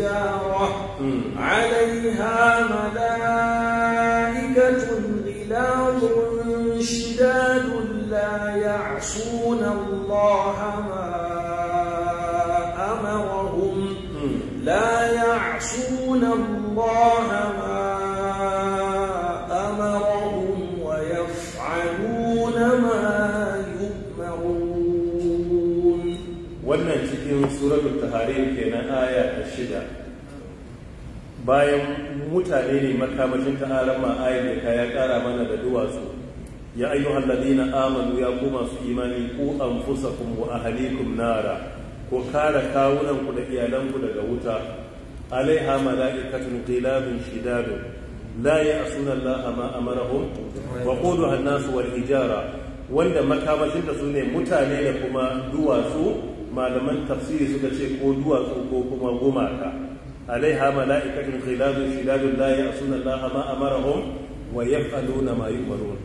حجارة عليها ملائكة غلاظ شداد لا يعصون الله ما أمرهم لا يعصون الله ما wannan cikin suratul taharir kenan aya ta shida bayan mutane ne makamashin ta'aran ma ayin da ta ya kara mana da duwatsu ya ayyuhal ladina amanu ya ku masu imani ku anfusakum wa ahlikum nara ko kara kawunan da iyalanku daga wuta alaiha malaikatun qilabun shidadun la sunan allaha a amarahum wa quluha an-nasu wal hijara wanda makamashin da su ne mutane da kuma duwatsu malaman tafsiri suka ce ko duwatsu ko kuma gumaka alaiha mala'ikatun khiladun shiladun la ya'suna Allah ma amarahum wa yaf'aluna ma yu'marun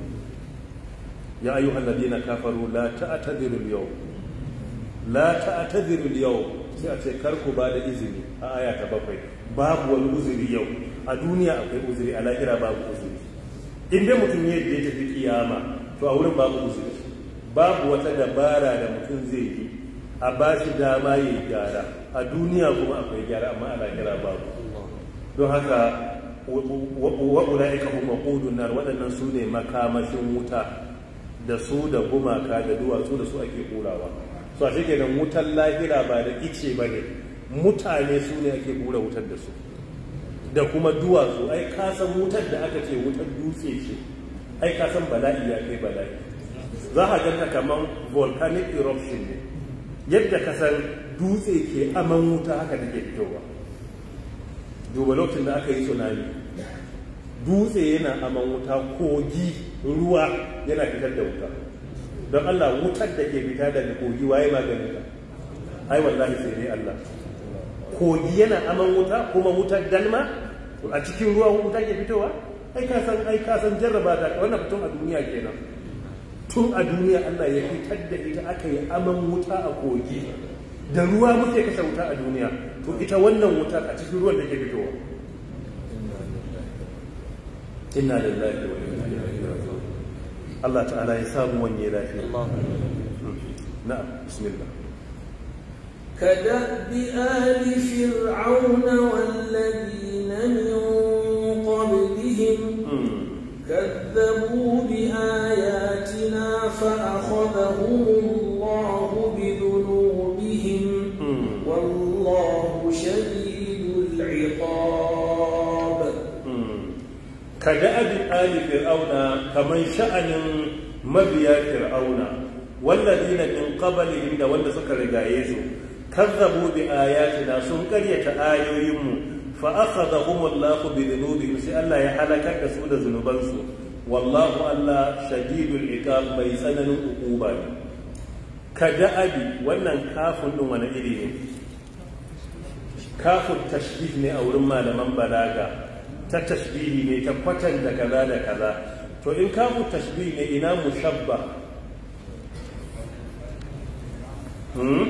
ya ayyuhal ladina kafaru la ta'tadiru al-yawm la ta'tadiru al-yawm sai a ce kar ku ba da izini a aya ta bakwai babu wani uzuri yau a duniya akwai uzuri a lahira babu uzuri in dai mutum ya je tafi kiyama to a wurin babu uzuri babu wata dabara da mutum zai yi a ba shi dama ya gyara a duniya kuma akwai gyara amma a ba babu don haka ya kuma ƙudun nar waɗannan su ne makamashin wuta da su da gumaka da duwatsu da su ake ƙurawa su a shike da wutan lahira ba da ice ba ne mutane su ne ake ƙura wutar da su da kuma duwatsu ai kasan wutar da aka ce wutar dutse ce ai kasan bala'i ya kai bala'i za a ganta kamar volcanic eruption ne yadda ka san dutse ke aman wuta haka ke fitowa duba lokacin da aka yi tsunami dutse yana aman wuta kogi ruwa yana fitar da wuta don Allah wutar da ke fita daga kogi waye maganin ta ai wallahi sai dai Allah kogi yana aman wuta kuma wutar dalma a cikin ruwa wuta ke fitowa ai ka san ai ka san jarraba ta wannan fitowa a duniya kenan tun a duniya Allah ya fitar da ita aka yi aman wuta a kogi da ruwa muke kashe wuta a duniya to ita wannan wuta a cikin ruwan da ke fitowa inna lillahi wa inna ilaihi raji'un Allah ta'ala ya samu wanye lafiya na'am bismillah كدأب آل فرعون والذين من قبلهم كذبوا ka abin ali fir'auna kamar sha'anin mabiya fir'auna walladina in qablihim da wanda suka rigaye su kazzabu bi ayatina sun karyata ayoyinmu fa akhadhahumullahu bi dhunubihim sai Allah ya halakar da su da zunubansu wallahu Allah shadidul iqab bai tsananin hukuma ne ka abi wannan kafin din wani iri ne kafin tashbih ne a wurin malaman balaga ta tashbihi ne ta kwatanta kaza da kaza to in kamu tashbihi ne ina mushabba hmm?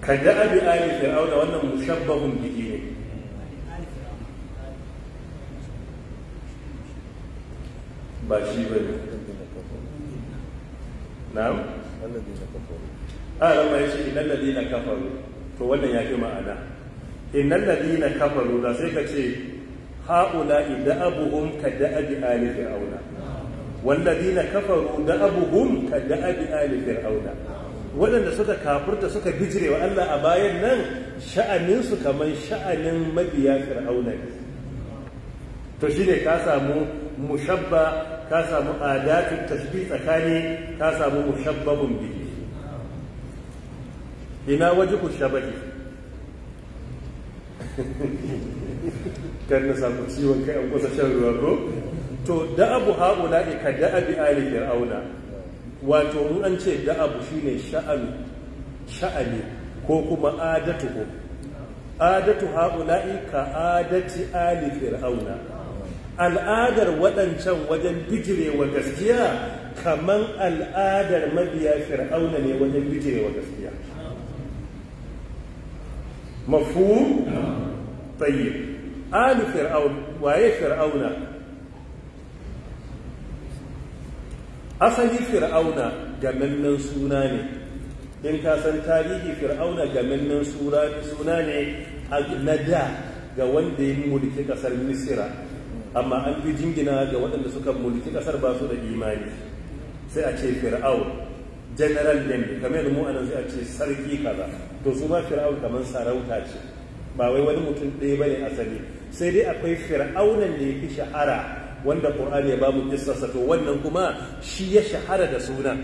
ka ga abi ali fir'auna wannan mushabbahun bihi ne ba shi ba ne na'am alladina kafaru a ah, lamma yace innal ladina kafaru to wannan ya fi ma'ana innal ladina kafaru da sai ka ce haula da'abuhum ka da'abi ali fir'auna wal ladina kafaru da'abuhum ka da'abi ali fir'auna waɗanda suka kafurta suka bijirewa Allah a bayan nan sha'anin su kaman sha'anin mabiya fir'auna ne to shine ka samu mushabba ka samu adatun tashbih tsakani ka samu mushabbabun bihi ina wajibu shabahi *laughs* kan na samu ciwon kai an kusa shan ruwa ko to da abu haula ka da abi ali fir'auna wato mun an ce da abu shine sha'ani sha'ani ko kuma ko. adatu haula'i ka adati ali fir'auna al'adar waɗancan wajen bijirewa gaskiya kaman al'adar mabiya fir'auna ne wajen bijirewa gaskiya mafhum tayyib alu fir'aun waye fir'auna asali fir'auna gamannen suna ne in ka san tarihi fir'auna gamannen suna ne na da ga wanda ya mulki kasar misira amma an fi jingina ga waɗanda suka mulki kasar ba su da imani sai a ce fir'aun general name kamar mu anan sai a ce sarki kaza to suma ma fir'aun kamar sarauta ce ba wai wani mutum ɗaya bane asali sai dai akwai fir'aunan da ya fi shahara wanda qur'ani ya ba mu kisarsa to wannan kuma shi ya shahara da suna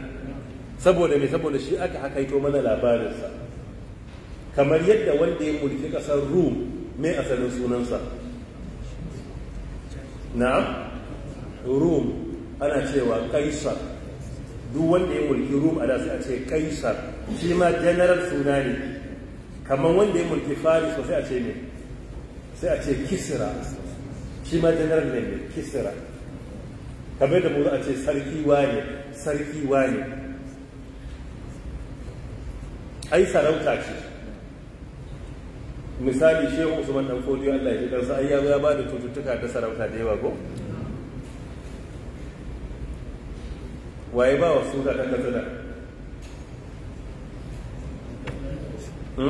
saboda me saboda shi aka hakaito mana labarinsa kamar yadda wanda ya mulki ƙasar rum mai asalin sunansa na rum ana cewa kaisar duk wanda ya mulki rum a da sai a ce kaisar shi ma general suna ne kamar wanda ya mulki faris sai a ce ne sai a ce kisra shi ma janar ne ne kisra kamar da mu a ce sarki wane sarki wane ai sarauta ce misali yau usman dan kodiyo Allah ya ji kansa ai ya ba da cututtuka ta sarauta da yawa ko waye ba wasu da ta katsina نعم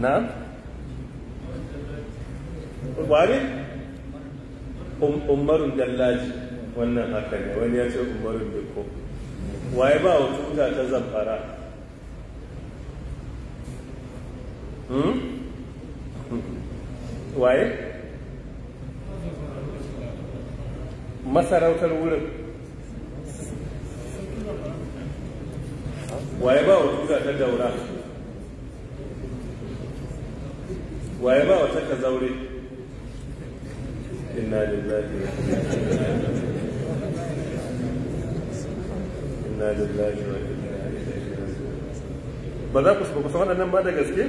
hmm? ware um, umarun dallaji wannan haka ne wani ya ce umarun ko? waye ba wa tuta ta zamfara hmm? waye masarautar wurin waye ba wa tuta ta daura waye ba wata ka zaure inna lillahi wa inna ilaihi raji'un ba za ku ba ku san waɗannan ba da gaske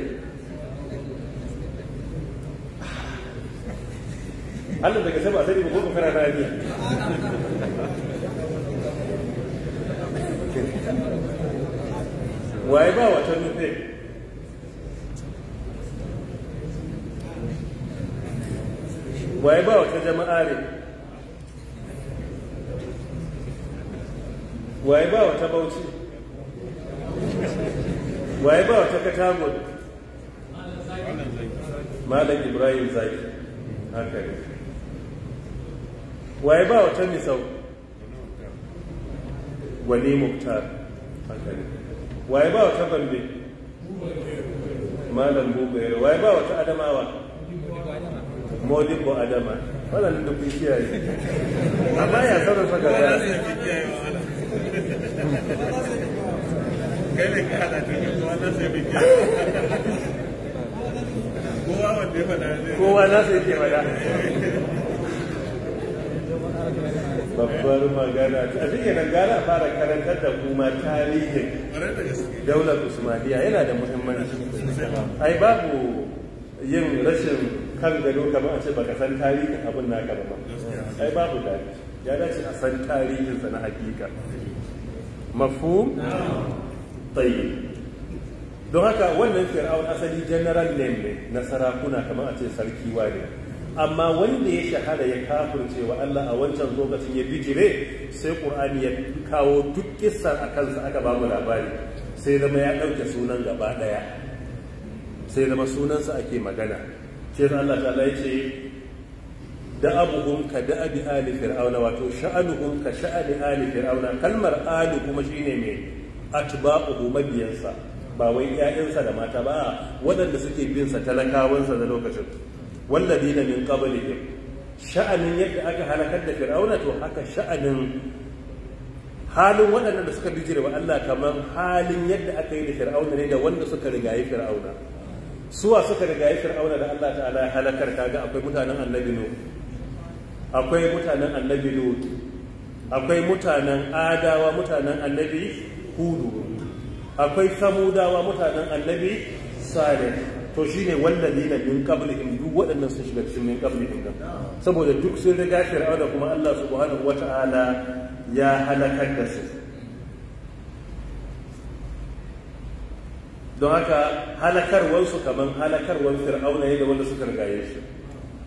Allah daga sai ba sai ba ko ku fara rani waye ba wata nufi waye ba wata jama'a ne waye ba wata bauchi waye ba wata katagon malam ibrahim zaki haka ne waye ba wata misau wani muktar haka ne waye ba wata bambe malam bugaye waye ba wata adamawa modibo adama wannan da kun kiyaye amma ya sanar saka da kai ka hada cikin wannan sai bi kowa wanda ya fada kowa na sai ke fada babbar magana a cikin nan gara fara karantar da kuma tarihin daular usmaniya yana da muhimmanci ai babu yin rashin kan gado kamar a ce baka san tarihin abin naka ba ai babu daɗi ya dace a san tarihinsa na hakika mafhum tayyib don haka wannan fir'aun asali general name ne na sarakuna kamar a ce sarki wani amma wanda ya shahara ya kafirce wa Allah a wancan lokacin ya bijire sai Qur'ani ya kawo duk kissar a kansa aka ba labari sai zama ya ɗauke sunan gaba ɗaya sai zama sunansa ake magana Sai ta Allah ta'ala ya da abuhum ka abi ali fir'auna wato sha'aluhum ka sha'ali ali fir'auna kalmar ali kuma shine mai atba'uhu mabiyansa ba wai 'ya'yansa da mata ba waɗanda suke bin sa talakawansa da lokacin walladina min qablihim sha'anin yadda aka halakar da fir'auna to haka sha'anin halin waɗanda suka bijire wa Allah kamar halin yadda aka yi da fir'auna ne da wanda suka rigayi fir'auna suwa suka riga rigayi fir'auna da Allah ta'ala ya halakar kaga akwai mutanen annabi nu akwai mutanen annabi lut akwai mutanen adawa mutanen annabi hudu akwai samudawa mutanen annabi salih to shine walladina min in duk waɗannan sun shiga cikin min qablihim din saboda duk sun riga fir'auna kuma Allah subhanahu wata'ala ya halakar da su don haka halakarwansu kamar halakarwar fir'auna yadda wanda suka rigaye shi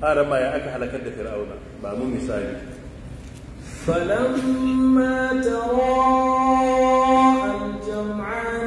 har ya aka halakar da fir'auna ba mu misali فلما تراءى الجمعان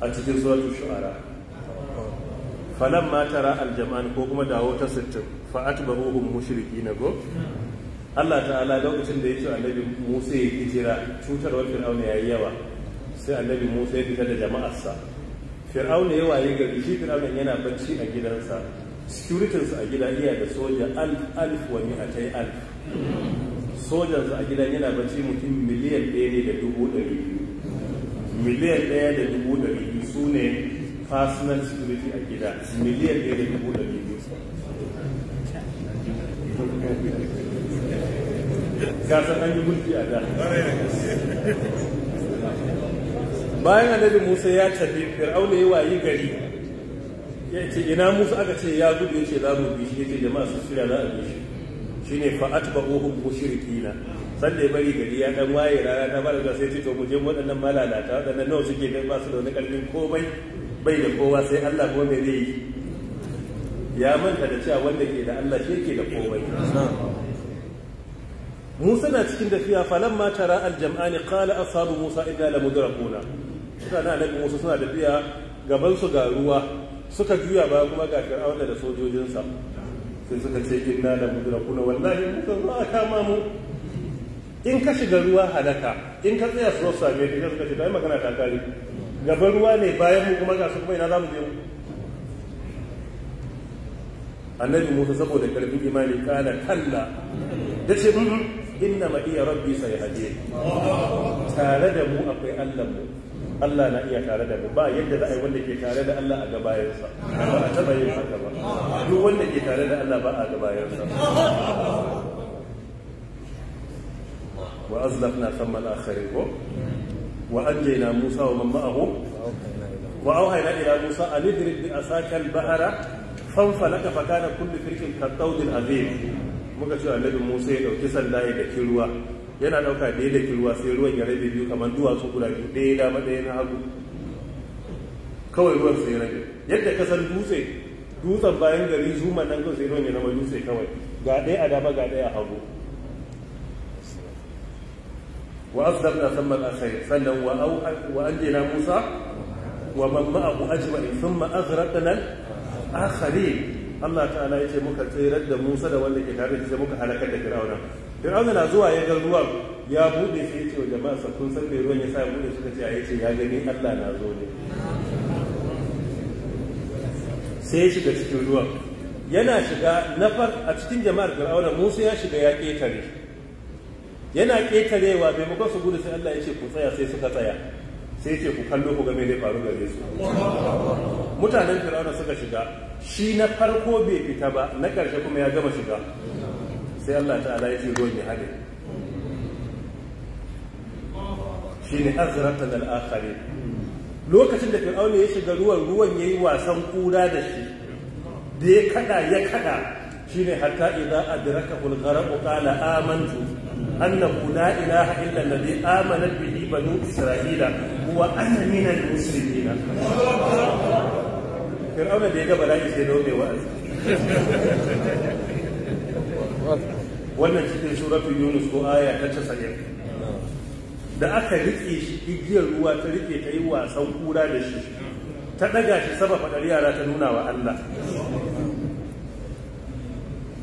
a cikin suratul shu'ara falan ma tara aljaman ko kuma dawo ta ba fa atbaruhum go Allah ta'ala lokacin da ya ce annabi Musa ya hijira cutarwar Fir'auna yi yawa sai annabi Musa ya fita da jama'arsa Fir'auna ya waye gari shi Fir'auna yana bacci a gidansa securitinsa a gida iya da soja alf alf wani yi alf sojan a gidan yana bacci mutum miliyan ɗaya ne da dubu ɗari biyu miliyan ɗaya da dubu ɗari biyu su ne personal security a gida miliyan ɗaya da dubu ɗari biyu gasar an yi mulki a da bayan annabi musa ya tafi fir'auna ya wayi gari ya ce ina musa aka ce ya gudu ya ce za mu bi shi ya ce jama'a su shirya za a bi Shi shine fa’at atba'uhum mushrikina san da bari gari ya ɗan waye rana ta bar sai ce to mu je waɗannan malalata waɗannan nawa suke kai ba da wani ƙarfin komai bai da kowa sai Allah ko zai yi ya manta da cewa wanda ke da Allah shi ke da komai Musa na cikin tafiya falan ma tara aljam'ani qala ashabu Musa idza la mudrakuna suka na annabi Musa suna tafiya gaban su ga ruwa suka juya ba kuma ga Fir'auna da sojojinsa sai suka ce inna mudura kuna wallahi mu za a kama mu in ka shiga ruwa halaka in ka tsaya so same ka suka ce dai magana ta kare gaban ruwa ne bayan mu kuma ga su kuma ina za mu je annabi Musa saboda karfin imani kana kalla da ce inna ma iya rabbi sai hadiye tare da mu akwai Allah mu Allah na iya tare da mu ba yadda za a yi wanda ke tare da Allah a gabayarsa ba a taɓa yin haka ba duk wanda ke tare da Allah ba a gabayarsa wa azlafna thamma al-akhirin ko wa Musa wa man ma'ahu wa ila Musa an idrib bi asaka al-bahra fanfalaka fa kana kullu firqin ka tawdil azim muka ce annabi Musa ya dauki sanda ya daki ruwa yana ɗauka da da ruwa sai ruwan ya rabe biyu kamar duwatsu guda biyu ɗaya dama ɗaya na hagu kawai ruwan sai rabe yadda kasar dutse dutsen bayan gari zuma nan kawai sai ruwan ya zama dutse kawai ga ɗaya a dama ga ɗaya a hagu wa asdaqna na al-akhir sannan wa wa anjina musa wa man ma'ahu ajma'in thumma aghraqna al-akhirin Allah ta'ala yace muka tsirar da Musa da wanda ke tare da shi muka halakar da Fir'auna fir'auna na zuwa ya ga ruwan ya bude sai ya ce wa jama'a sa kun san me ruwan ya sa bude suka ce ya ce ya gani Allah na zo ne sai ya shiga cikin ruwan yana shiga na far a cikin jama'ar fir'auna Musa ya shiga ya ketare yana ketarewa maimakon su gudu sai Allah ya ce ku tsaya sai suka tsaya sai ce ku kallo ku ga me zai faru gare su mutanen fir'auna suka shiga shi na farko bai fita ba na ƙarshe kuma ya gama shiga sai Allah ta'ala ya ce ruwan ya haɗe shine azratan al-akharin lokacin da fir'auna ya shiga ruwan ruwan ya yi wasan kura da shi da ya kada ya kada shine hatta idza adrakahu al-gharq amantu. amantu annahu la ilaha na alladhi amanar bihi banu isra'ila huwa ana da al-muslimin fir'auna da ya ga bala'i sai da wa'azi wannan cikin suratul yunus ko aya ta 90 da aka rike shi igiyar ruwa ta rike ta yi wasan kura da shi ta daga shi saba fadar yara ta nuna wa Allah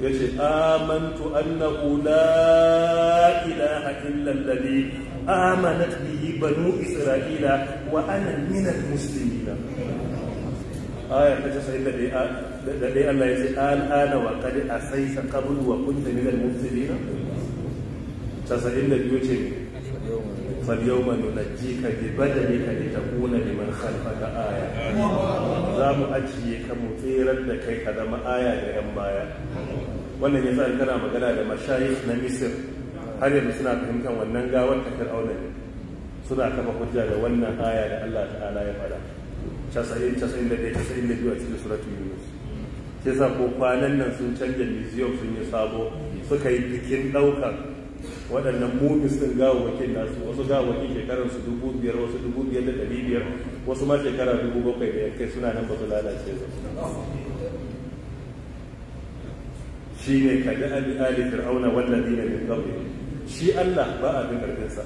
ya ce amantu annahu la ilaha illa alladhi amanat bihi banu isra'ila wa ana minal muslimin aya ta 91 da dai Allah ya ce al'ana wa qad asaita qabl wa kunta ne da min al da biyu ce ji ka bi ne ta aya. Za mu ajiye لمن mu آية da kai ka zama aya آية 'yan baya. wannan ya sa kana magana da mashayikh na misir har yanzu suna fahimtar wannan gawar ta fir'auna ne suna kafa hujja da wannan aya da Allah ta'ala ya faɗa 90 biyu a cikin suratul yunus sai sa ko kwanan nan sun canja museum sun yi sabo suka yi bikin ɗaukar waɗannan movies ɗin gawawwakin nasu wasu wakil shekarar su dubu biyar wasu dubu biyar da ɗari biyar wasu ma shekara dubu bakwai da yankai suna nan ba su lalace ba shi ne kaji ali ali fir'auna wallazi dina min qabli shi Allah ba a bin karfinsa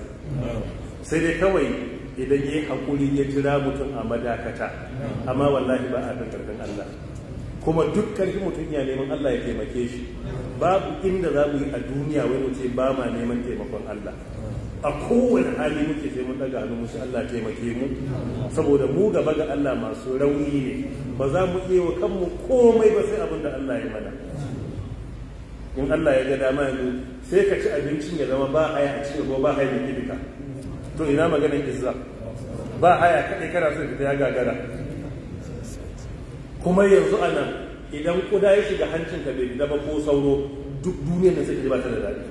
sai dai kawai idan yayi hakuri ya jira mutum a madakata amma wallahi ba a bin karfin Allah kuma duk ƙarfi mutum ya neman Allah ya taimake shi babu inda za mu yi a duniya wai mu ce ba ma neman taimakon Allah a kowane hali muke sai mun daga hannu musu Allah taimake mu saboda mu gaba ga Allah masu rauni ne ba za mu iya wa kanmu komai ba sai abin da Allah ya mana in Allah ya ga dama yanzu sai ka ci abincin ya zama ba haya a cikin ko ba haya da kibika to ina maganar izza ba haya kaɗai kana so ka ya gagara kuma yanzu a nan idan kuda ya shiga hancin ka bai gida ba ko sauro duk duniyar da sai ba ta da daɗi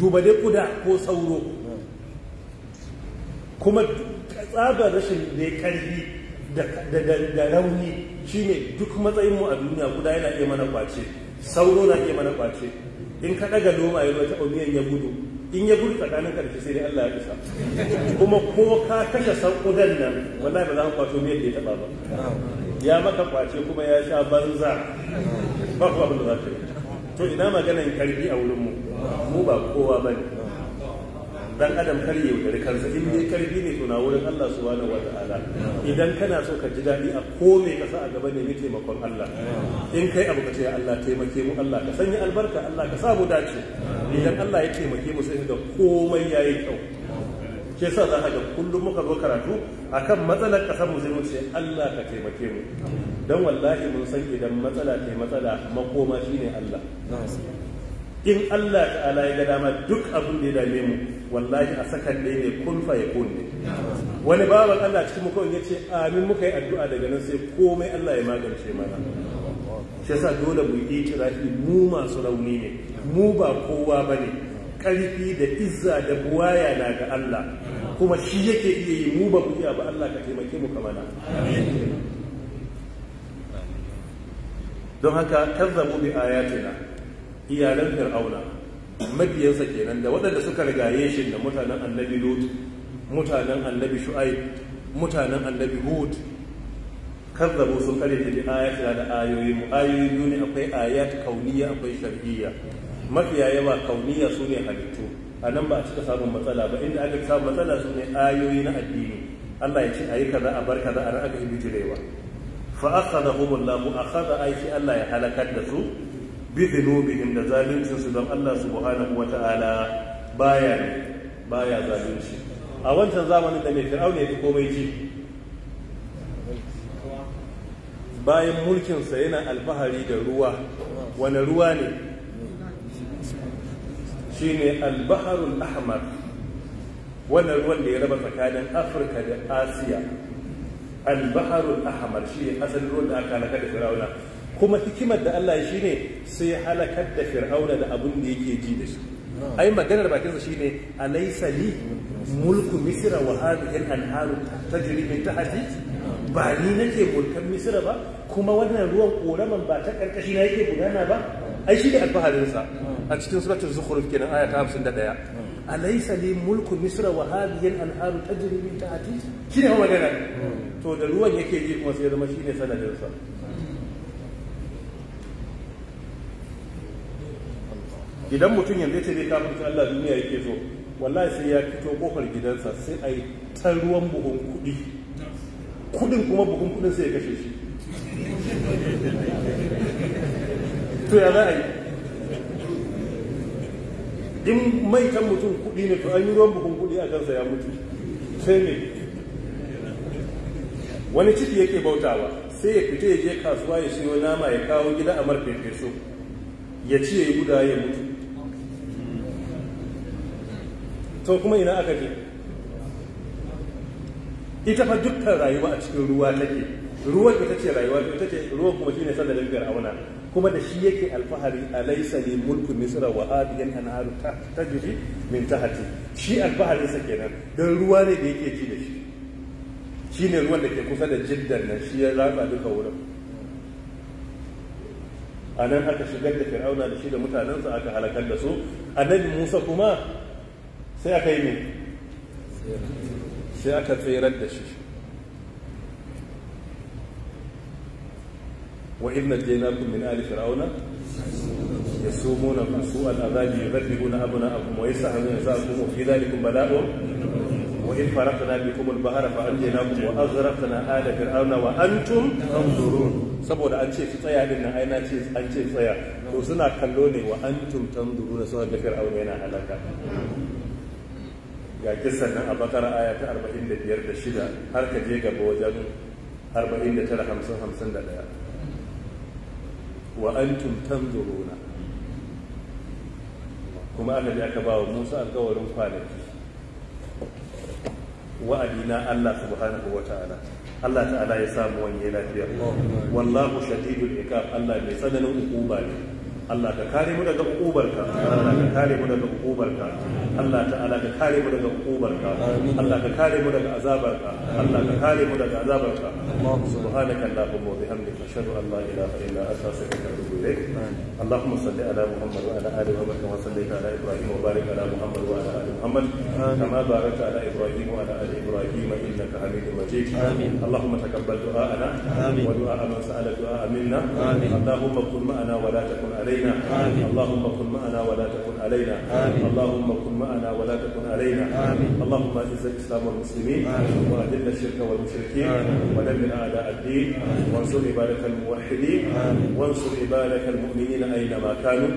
duba dai kuda ko sauro kuma tsabar rashin da ya karfi da rauni shine duk matsayin mu a duniya kuda yana iya mana kwace sauro na iya mana kwace in ka ɗaga loma ya ta omiyan ya gudu in ya gudu tsakanin karshe sai dai Allah ya isa kuma ko ka kashe sankudan nan wallahi ba za ka kwato miyar da ya taba ba ya maka kwace kuma ya sha banza ba ku abin da za ka yi to ina maganan karfi a wurin mu mu ba kowa bane dan adam kar ya yaudari kansa in dai karfi ne to na wurin Allah subhanahu wataala idan kana so ka ji daɗi a kome ka sa a gaba ne mai taimakon Allah in kai abu ka ce Allah taimake mu Allah ka sanya albarka Allah ka sa mu dace idan Allah ya taimake mu sai ga komai yayi kyau ke sa za a ga kullum muka zo karatu akan matsalar ka mu zai ce Allah ka taimake mu dan wallahi mun san idan matsala ta matsala makoma shine Allah in Allah ta'ala ya ga dama duk abin da ya dame mu wallahi a sakan ɗaya ne kun ya kone wani baban Allah cikin muka ya ce amin muka yi addu'a daga nan sai komai Allah ya magance mana shi yasa dole mu yi tirafi mu masu rauni ne mu ba kowa ba ne karfi da izza da buwaya na ga Allah kuma shi yake iya yi mu ba mu iya ba Allah ka taimake mu kamana don haka kazzabu bi ayatina iyalan fir'auna mabiyansa kenan da waɗanda suka riga rigaye shi da mutanen annabi lut mutanen annabi shu'aib mutanen annabi hud kazzabu sun karyata bi ayatina da ayoyin mu ayoyi biyu ne akwai ayat kauniya akwai shar'iyya mafiya yawa kauniya su ne halittu a nan ba a cika samun matsala ba inda aka samun matsala su ne ayoyi na addini Allah ya ce a yi kaza a bar kaza a ra'a ga yi bijirewa fa akhadhahum akhadha ai aiki Allah ya halakar da su bi da zaluncinsu don Allah subhanahu wata'ala baya baya zalunci a wancan zamanin da mai fir'auna ya fi komai ci bayan mulkinsa yana alfahari da ruwa wani ruwa ne shi ne albaharul ahmar wani ruwan da ya raba tsakanin afirka da asiya albaharul ahmar shi ne asalin ruwan da aka halaka da firauna kuma hikimar da Allah shi ne sai halakar da fir'auna da abin da yake ji da shi ai maganar bakinsa shi a laisa li mulku Misira, wa hadhihi al-anharu tajri min tahti ba ni nake mulkan Misira ba kuma wannan ruwan koraman ba ta karkashi na yake gudana ba ai shi ne alfaharinsa a cikin suratul zukhruf kenan aya ta 51 alaysa li mulku Misira, wa hadhihi al-anharu tajri min tahti shi ne to da ruwan yake ji kuma sai zama shine sa. idan mutum yanzu ya ce zai kafirci Allah duniya yake so wallahi sai ya fito kofar gidansa sai a yi ta ruwan buhun kuɗi kuɗin kuma buhun kudin sai ya kashe shi to ya za a yi in mai can mutum kuɗi ne to an yi ruwan buhun kuɗi a kansa ya mutu sai ne wani ciki yake bautawa sai ya fita ya je kasuwa ya siyo nama ya kawo gida a marfefe so ya ci ya yi guda ya mutu to kuma ina aka je ita fa dukkan rayuwa a cikin ruwa take ruwan ita ce rayuwa ita ce ruwan kuma shine sanadin auna kuma da shi yake alfahari alaysa li mulku misra wa adiyan anharu tajri min tahti shi alfahari sa kenan dan ruwa ne da yake ci da shi shine ruwan da ke kusa da jiddan nan shi ya ratsa duka wurin a nan aka shigar da fir'auna da shi da mutanensa aka halakar da su annabi musa kuma sai aka yi mai sai aka tsirar da shi wa idna jainakum min ali fir'auna yasumunakum su'al azabi yadhibuna abna'akum wa yasahuna yasahuna fi dhalikum bala'un wa in faraqna bikum al-bahra fa anjaynakum wa na ala fir'auna wa antum tanzurun saboda an ce su tsaya din nan aina ce an ce tsaya to suna kallo ne wa antum tanzuruna saboda fir'auna yana halaka ga kisan nan a bakar aya ta 45 da shida har ka je gaba wajen 49 da 51 wa antum tanzuruna kuma annabi aka ba wa Musa alkawarin kwanaki wa'adi na Allah subhanahu wa ta'ala Allah ta'ala ya samu wani lafiya wallahu shadidul iqab Allah mai tsananin hukuma ne Allah ka kare mu daga ƙubarka. Allah ka kare mu daga ƙubarka. Allah ka kare mu daga ƙubarka. Allah ka kare mu daga azabarka Allah ka kare mu daga azabarka subhanaka allahumma wa bihamdika ashhadu an la ilaha illa anta astaghfiruka wa atubu ilayk اللهم صل على محمد وعلى ال ala كما صليت على ابراهيم وبارك على محمد ala ال محمد كما باركت على ابراهيم وعلى ال Amin. انك حميد مجيد امين اللهم تقبل دعاءنا ودعاء من سال Amin, منا اللهم كن معنا ولا علينا آمين. اللهم كن معنا ولا تكن علينا آمين. اللهم كن معنا ولا تكن علينا آمين. اللهم اعز الاسلام والمسلمين واذل الشرك والمشركين ودمر اعداء الدين وانصر عبادك الموحدين وانصر عبادك المؤمنين اينما كانوا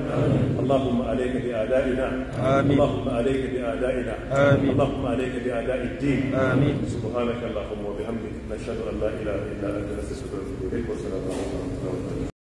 اللهم عليك باعدائنا اللهم عليك باعدائنا اللهم عليك باعداء الدين سبحانك اللهم وبحمدك نشهد ان لا اله الا انت نستغفرك ونتوب اليك والسلام عليكم